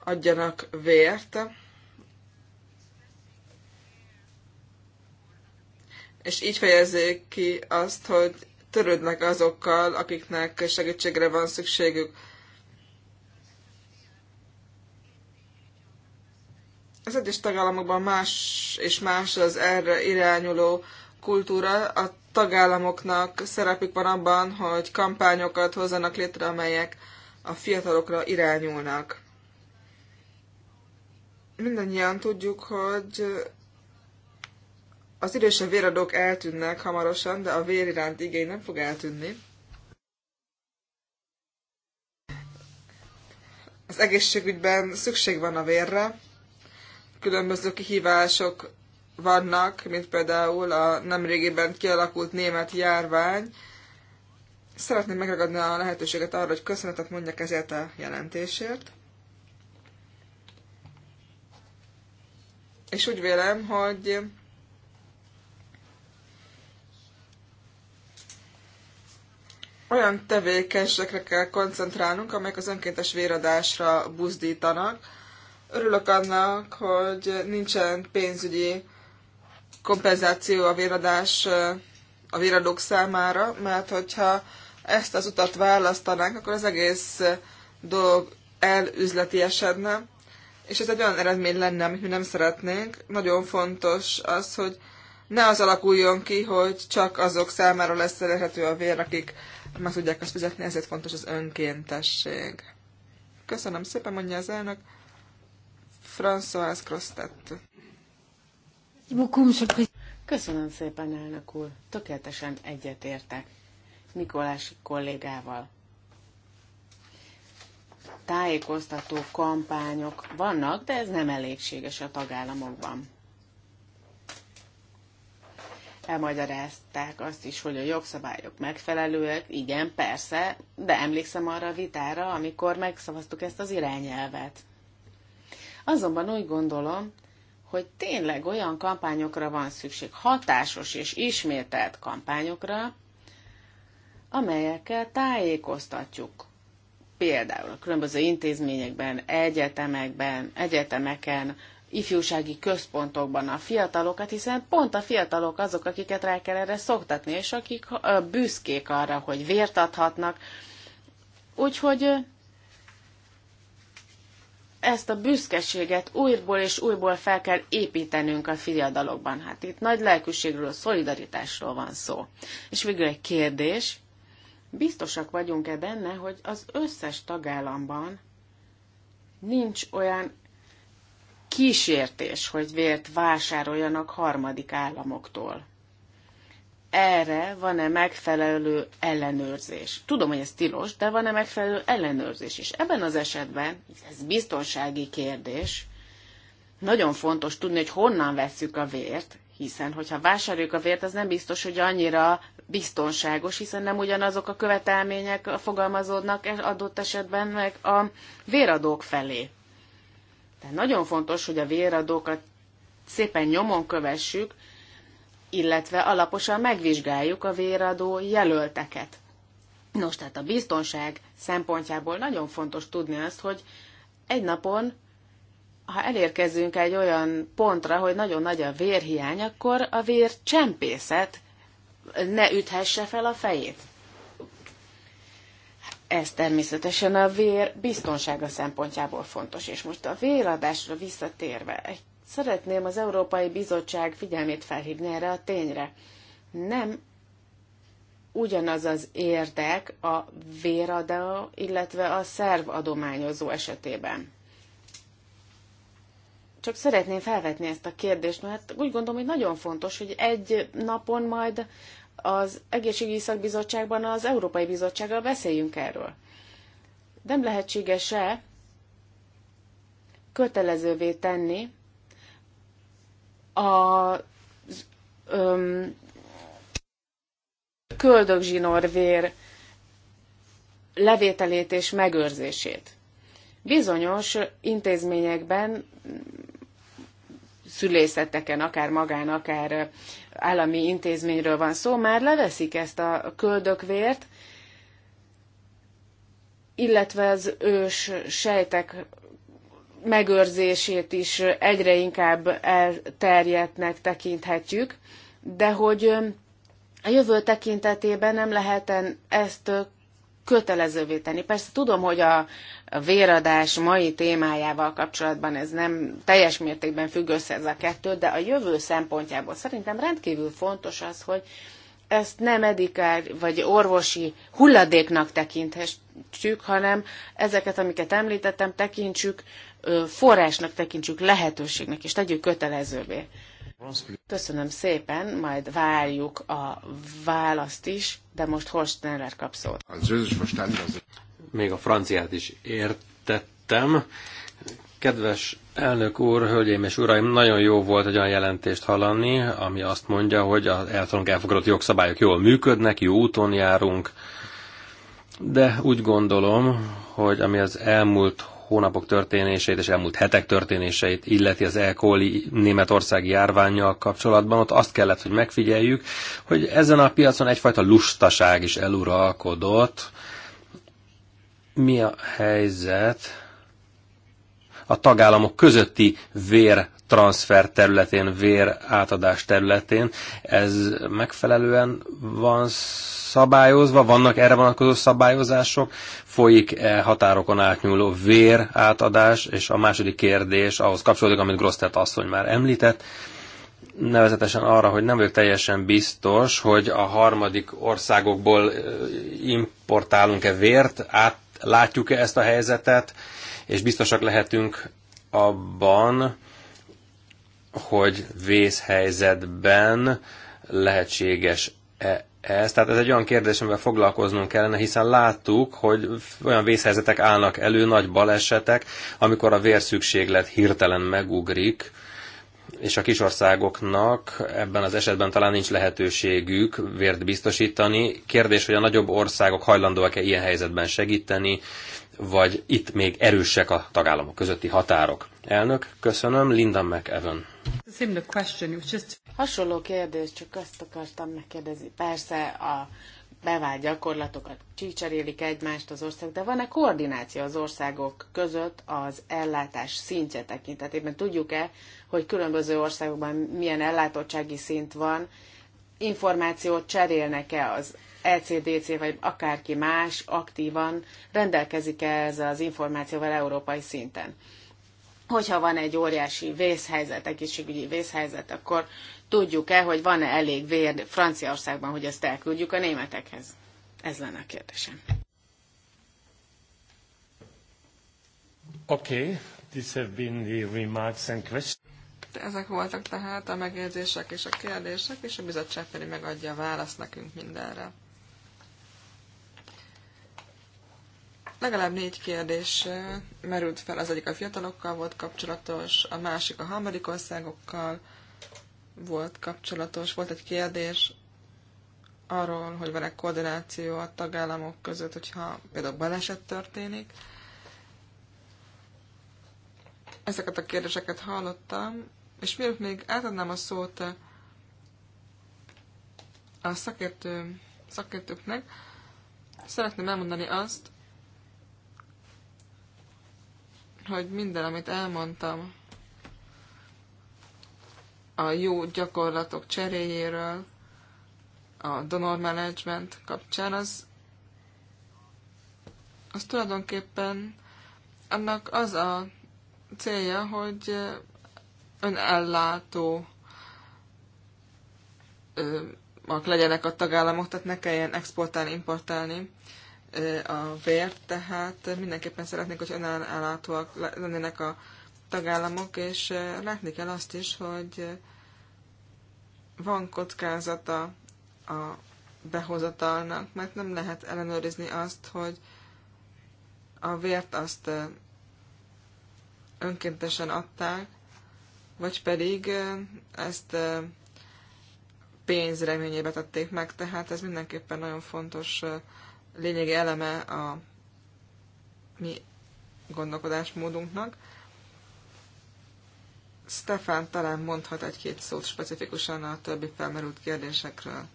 adjanak vért. És így fejezzék ki azt, hogy törődnek azokkal, akiknek segítségre van szükségük. Az egyes tagállamokban más és más az erre irányuló kultúra, a tagállamoknak szerepük van abban, hogy kampányokat hozzanak létre, amelyek a fiatalokra irányulnak. Mindannyian tudjuk, hogy az idősebb véradók eltűnnek hamarosan, de a vér iránt igény nem fog eltűnni. Az egészségügyben szükség van a vérre, különböző kihívások vannak, mint például a nemrégiben kialakult német járvány. Szeretném megragadni a lehetőséget arra, hogy köszönetet mondjak ezért a jelentésért. És úgy vélem, hogy olyan tevékenységekre kell koncentrálnunk, amelyek az önkéntes véradásra buzdítanak. Örülök annak, hogy nincsen pénzügyi kompenzáció a véradás a véradók számára, mert hogyha ezt az utat választanánk, akkor az egész dolog elüzleti esetne, és ez egy olyan eredmény lenne, amit mi nem szeretnénk. Nagyon fontos az, hogy ne az alakuljon ki, hogy csak azok számára lesz elérhető a vér, akik meg tudják azt fizetni, ezért fontos az önkéntesség. Köszönöm szépen, mondja az elnök. François Crostet. Köszönöm szépen, elnök úr. Tökéletesen egyetértek Mikolás kollégával. Tájékoztató kampányok vannak, de ez nem elégséges a tagállamokban. Elmagyarázták azt is, hogy a jogszabályok megfelelőek, igen, persze, de emlékszem arra a vitára, amikor megszavaztuk ezt az irányelvet. Azonban úgy gondolom, hogy tényleg olyan kampányokra van szükség, hatásos és ismételt kampányokra, amelyekkel tájékoztatjuk például a különböző intézményekben, egyetemekben, egyetemeken, ifjúsági központokban a fiatalokat, hiszen pont a fiatalok azok, akiket rá kell erre szoktatni, és akik büszkék arra, hogy vért adhatnak. Úgyhogy ezt a büszkeséget újból és újból fel kell építenünk a fiadalokban. Hát itt nagy lelkűségről, szolidaritásról van szó. És végül egy kérdés. Biztosak vagyunk-e benne, hogy az összes tagállamban nincs olyan kísértés, hogy vért vásároljanak harmadik államoktól? erre van-e megfelelő ellenőrzés. Tudom, hogy ez tilos, de van-e megfelelő ellenőrzés is. Ebben az esetben, ez biztonsági kérdés, nagyon fontos tudni, hogy honnan veszük a vért, hiszen hogyha vásároljuk a vért, az nem biztos, hogy annyira biztonságos, hiszen nem ugyanazok a követelmények fogalmazódnak e- adott esetben meg a véradók felé. Tehát nagyon fontos, hogy a véradókat szépen nyomon kövessük, illetve alaposan megvizsgáljuk a véradó jelölteket. Nos, tehát a biztonság szempontjából nagyon fontos tudni azt, hogy egy napon, ha elérkezünk egy olyan pontra, hogy nagyon nagy a vérhiány, akkor a vér csempészet ne üthesse fel a fejét. Ez természetesen a vér biztonsága szempontjából fontos. És most a véradásra visszatérve egy Szeretném az Európai Bizottság figyelmét felhívni erre a tényre. Nem ugyanaz az érdek a véradó, illetve a szervadományozó esetében. Csak szeretném felvetni ezt a kérdést, mert úgy gondolom, hogy nagyon fontos, hogy egy napon majd az Egészségügyi Szakbizottságban az Európai Bizottsággal beszéljünk erről. Nem lehetséges-e kötelezővé tenni a öm, köldögzsinórvér levételét és megőrzését. Bizonyos intézményekben, szülészeteken, akár magán, akár állami intézményről van szó, már leveszik ezt a köldökvért, illetve az ős sejtek megőrzését is egyre inkább elterjedtnek tekinthetjük, de hogy a jövő tekintetében nem lehetten ezt kötelezővé tenni. Persze tudom, hogy a véradás mai témájával kapcsolatban ez nem teljes mértékben függ össze ez a kettő, de a jövő szempontjából szerintem rendkívül fontos az, hogy ezt nem medikál vagy orvosi hulladéknak tekinthessük, hanem ezeket, amiket említettem, tekintsük forrásnak, tekintsük lehetőségnek, és tegyük kötelezővé. Köszönöm szépen, majd várjuk a választ is, de most Horst kap szót. Még a franciát is értettem. Kedves Elnök úr, hölgyeim és uraim, nagyon jó volt egy olyan jelentést hallani, ami azt mondja, hogy az általunk elfogadott jogszabályok jól működnek, jó úton járunk, de úgy gondolom, hogy ami az elmúlt hónapok történéseit és elmúlt hetek történéseit illeti az E. németországi járványjal kapcsolatban, ott azt kellett, hogy megfigyeljük, hogy ezen a piacon egyfajta lustaság is eluralkodott. Mi a helyzet? a tagállamok közötti vér transfer területén, vér átadás területén. Ez megfelelően van szabályozva, vannak erre vonatkozó szabályozások, folyik -e határokon átnyúló vér átadás, és a második kérdés ahhoz kapcsolódik, amit Grosztert asszony már említett, nevezetesen arra, hogy nem vagyok teljesen biztos, hogy a harmadik országokból importálunk-e vért, át látjuk-e ezt a helyzetet, és biztosak lehetünk abban, hogy vészhelyzetben lehetséges -e ez. Tehát ez egy olyan kérdés, amivel foglalkoznunk kellene, hiszen láttuk, hogy olyan vészhelyzetek állnak elő, nagy balesetek, amikor a vérszükséglet hirtelen megugrik, és a kisországoknak ebben az esetben talán nincs lehetőségük vért biztosítani. Kérdés, hogy a nagyobb országok hajlandóak-e ilyen helyzetben segíteni, vagy itt még erősek a tagállamok közötti határok. Elnök, köszönöm, Linda McEwan. Hasonló kérdés, csak azt akartam megkérdezni. Persze a bevált gyakorlatokat kicserélik egymást az ország, de van-e koordináció az országok között az ellátás szintje tekintetében? Tudjuk-e, hogy különböző országokban milyen ellátottsági szint van, információt cserélnek-e az ECDC vagy akárki más aktívan rendelkezik-e ezzel az információval európai szinten? Hogyha van egy óriási vészhelyzet, egészségügyi vészhelyzet, akkor tudjuk-e, hogy van-e elég vér Franciaországban, hogy ezt elküldjük a németekhez? Ez lenne a kérdésem. Okay, these have been the remarks and questions. Ezek voltak tehát a megjegyzések és a kérdések, és a bizottság pedig megadja a választ nekünk mindenre. Legalább négy kérdés merült fel, az egyik a fiatalokkal volt kapcsolatos, a másik a harmadik országokkal, volt kapcsolatos. Volt egy kérdés arról, hogy van-e koordináció a tagállamok között, hogyha például baleset történik. Ezeket a kérdéseket hallottam, és mielőtt még átadnám a szót a szakértő, szakértőknek, szeretném elmondani azt, hogy minden, amit elmondtam a jó gyakorlatok cseréjéről, a donor management kapcsán, az, az tulajdonképpen annak az a célja, hogy önellátó legyenek a tagállamok, tehát ne kelljen exportálni, importálni a vért, tehát mindenképpen szeretnék, hogy önállátóak lennének a tagállamok, és látni kell azt is, hogy van kockázata a behozatalnak, mert nem lehet ellenőrizni azt, hogy a vért azt önkéntesen adták, vagy pedig ezt pénz reményébe tették meg, tehát ez mindenképpen nagyon fontos lényegi eleme a mi gondolkodásmódunknak. Stefan talán mondhat egy-két szót specifikusan a többi felmerült kérdésekről.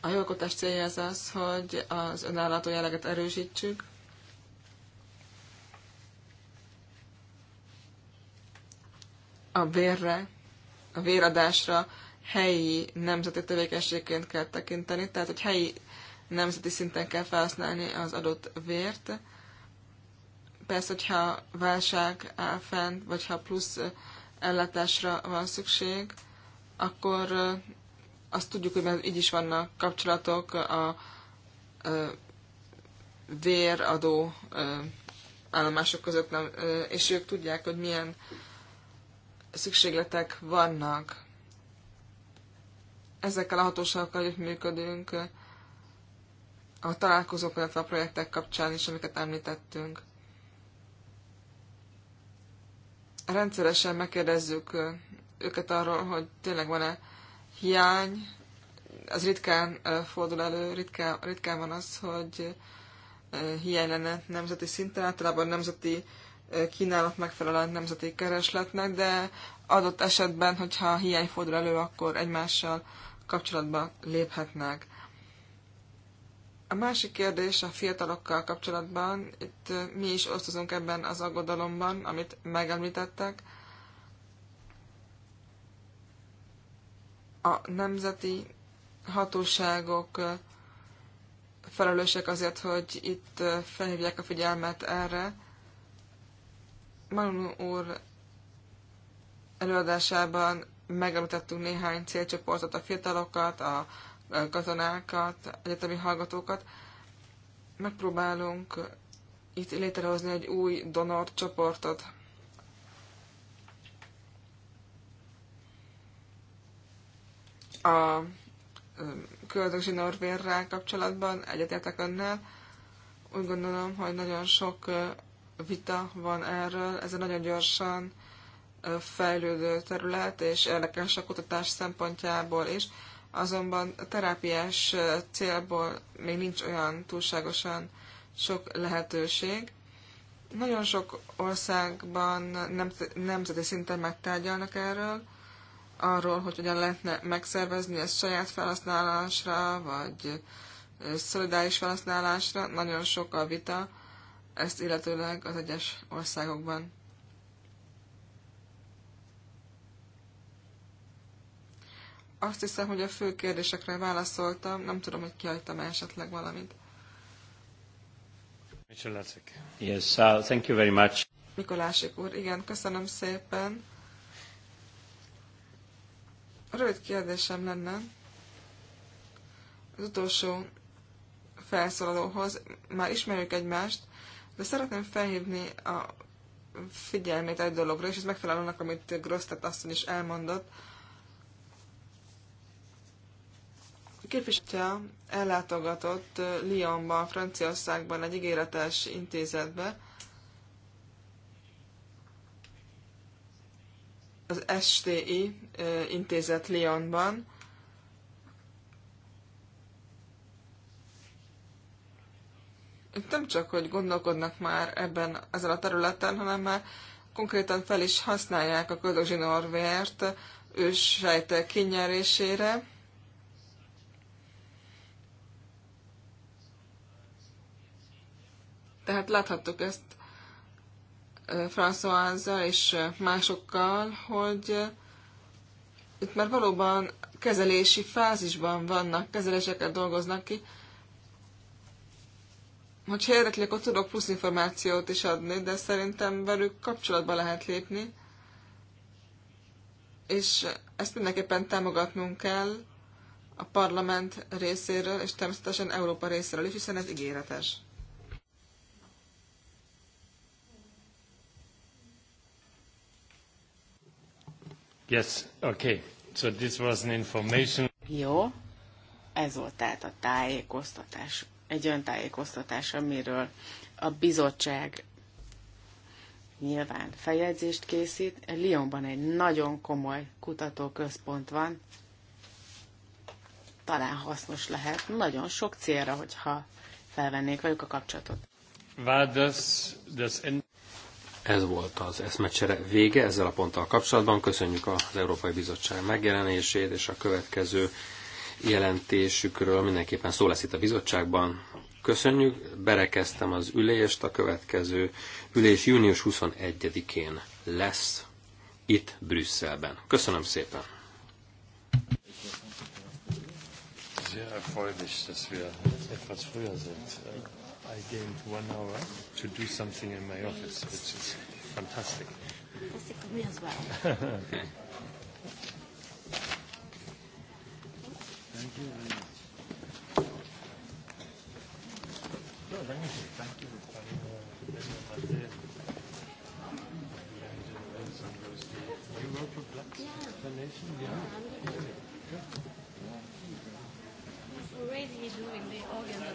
A jogalkotás célja az az, hogy az önállató jelleget erősítsük, a vérre, a véradásra helyi nemzeti tevékenységként kell tekinteni, tehát hogy helyi nemzeti szinten kell felhasználni az adott vért. Persze, hogyha válság áll fent, vagy ha plusz ellátásra van szükség, akkor azt tudjuk, hogy mert így is vannak kapcsolatok a, a véradó állomások között, és ők tudják, hogy milyen szükségletek vannak. Ezekkel a hatóságokkal működünk, a találkozók, illetve a projektek kapcsán is, amiket említettünk. Rendszeresen megkérdezzük őket arról, hogy tényleg van-e hiány. Az ritkán fordul elő, ritkán, ritkán van az, hogy hiány lenne nemzeti szinten, általában nemzeti kínálat megfelel a nemzeti keresletnek, de adott esetben, hogyha hiány fordul elő, akkor egymással kapcsolatba léphetnek. A másik kérdés a fiatalokkal kapcsolatban, itt mi is osztozunk ebben az aggodalomban, amit megemlítettek. A nemzeti hatóságok felelősek azért, hogy itt felhívják a figyelmet erre. Manu úr előadásában megemlítettünk néhány célcsoportot, a fiatalokat, a katonákat, egyetemi hallgatókat. Megpróbálunk itt létrehozni egy új donor csoportot. A um, köldögzsi norvérrel kapcsolatban egyetértek önnel. Úgy gondolom, hogy nagyon sok vita van erről. Ez egy nagyon gyorsan fejlődő terület, és érdekes a kutatás szempontjából is azonban a terápiás célból még nincs olyan túlságosan sok lehetőség. Nagyon sok országban nem nemzeti szinten megtárgyalnak erről, arról, hogy hogyan lehetne megszervezni ezt saját felhasználásra, vagy szolidáris felhasználásra. Nagyon sok a vita ezt illetőleg az egyes országokban. Azt hiszem, hogy a fő kérdésekre válaszoltam, nem tudom, hogy kihagytam esetleg valamit. Yes, uh, thank you very much. Mikolásik úr, igen, köszönöm szépen. Rövid kérdésem lenne. Az utolsó felszólalóhoz már ismerjük egymást, de szeretném felhívni a figyelmét egy dologra, és ez megfelel annak, amit Grosztet asszony is elmondott, képviselője ellátogatott Lyonban, Franciaországban egy ígéretes intézetbe, az STI intézet Lyonban, nem csak, hogy gondolkodnak már ebben ezen a területen, hanem már konkrétan fel is használják a köldögzsinórvért őssejtek kinyerésére. Tehát láthattuk ezt françois és másokkal, hogy itt már valóban kezelési fázisban vannak, kezeléseket dolgoznak ki. Hogyha érdekli, akkor tudok plusz információt is adni, de szerintem velük kapcsolatba lehet lépni, és ezt mindenképpen támogatnunk kell a parlament részéről, és természetesen Európa részéről is, hiszen ez ígéretes. Yes, okay. So this was an information. Jó, ez volt tehát a tájékoztatás, egy olyan tájékoztatás, amiről a bizottság nyilván feljegyzést készít. Lyonban egy nagyon komoly kutatóközpont van, talán hasznos lehet nagyon sok célra, hogyha felvennék velük a kapcsolatot. War das, das end ez volt az eszmecsere vége ezzel a ponttal kapcsolatban. Köszönjük az Európai Bizottság megjelenését, és a következő jelentésükről mindenképpen szó lesz itt a bizottságban. Köszönjük, berekeztem az ülést, a következő ülés június 21-én lesz itt Brüsszelben. Köszönöm szépen! Sehr erfreulich, dass wir etwas früher sind. I gained one hour to do something in my office, which is fantastic. Fantastic for me as well. [laughs] Thank you very much. No, thank you. yeah. Yeah. yeah. already doing the organ.